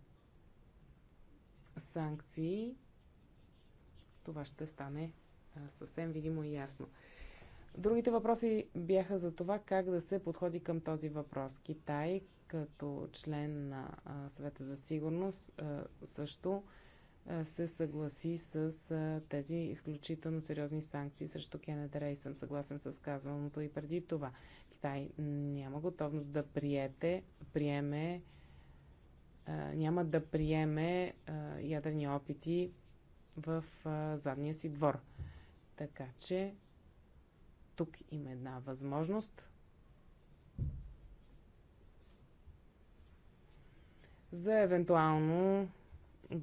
санкции, това ще стане е, съвсем видимо и ясно. Другите въпроси бяха за това как да се подходи към този въпрос. Китай като член на Съвета за сигурност, също се съгласи с тези изключително сериозни санкции срещу Кенедера и съм съгласен с казаното и преди това. Китай няма готовност да приете, приеме, няма да приеме ядрени опити в задния си двор. Така че тук има една възможност за евентуално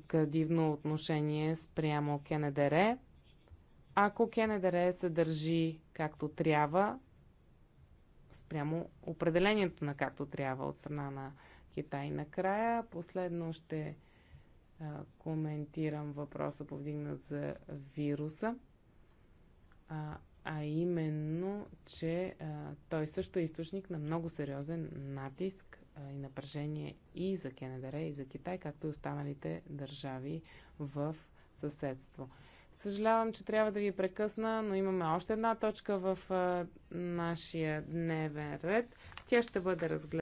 градивно отношение спрямо КНДР. Ако КНДР се държи както трябва, спрямо определението на както трябва от страна на Китай. Накрая, последно ще а, коментирам въпроса повдигнат за вируса, а, а именно, че а, той също е източник на много сериозен натиск и напрежение и за КНДР, и за Китай, както и останалите държави в съседство. Съжалявам, че трябва да ви прекъсна, но имаме още една точка в нашия дневен ред. Тя ще бъде разгледана.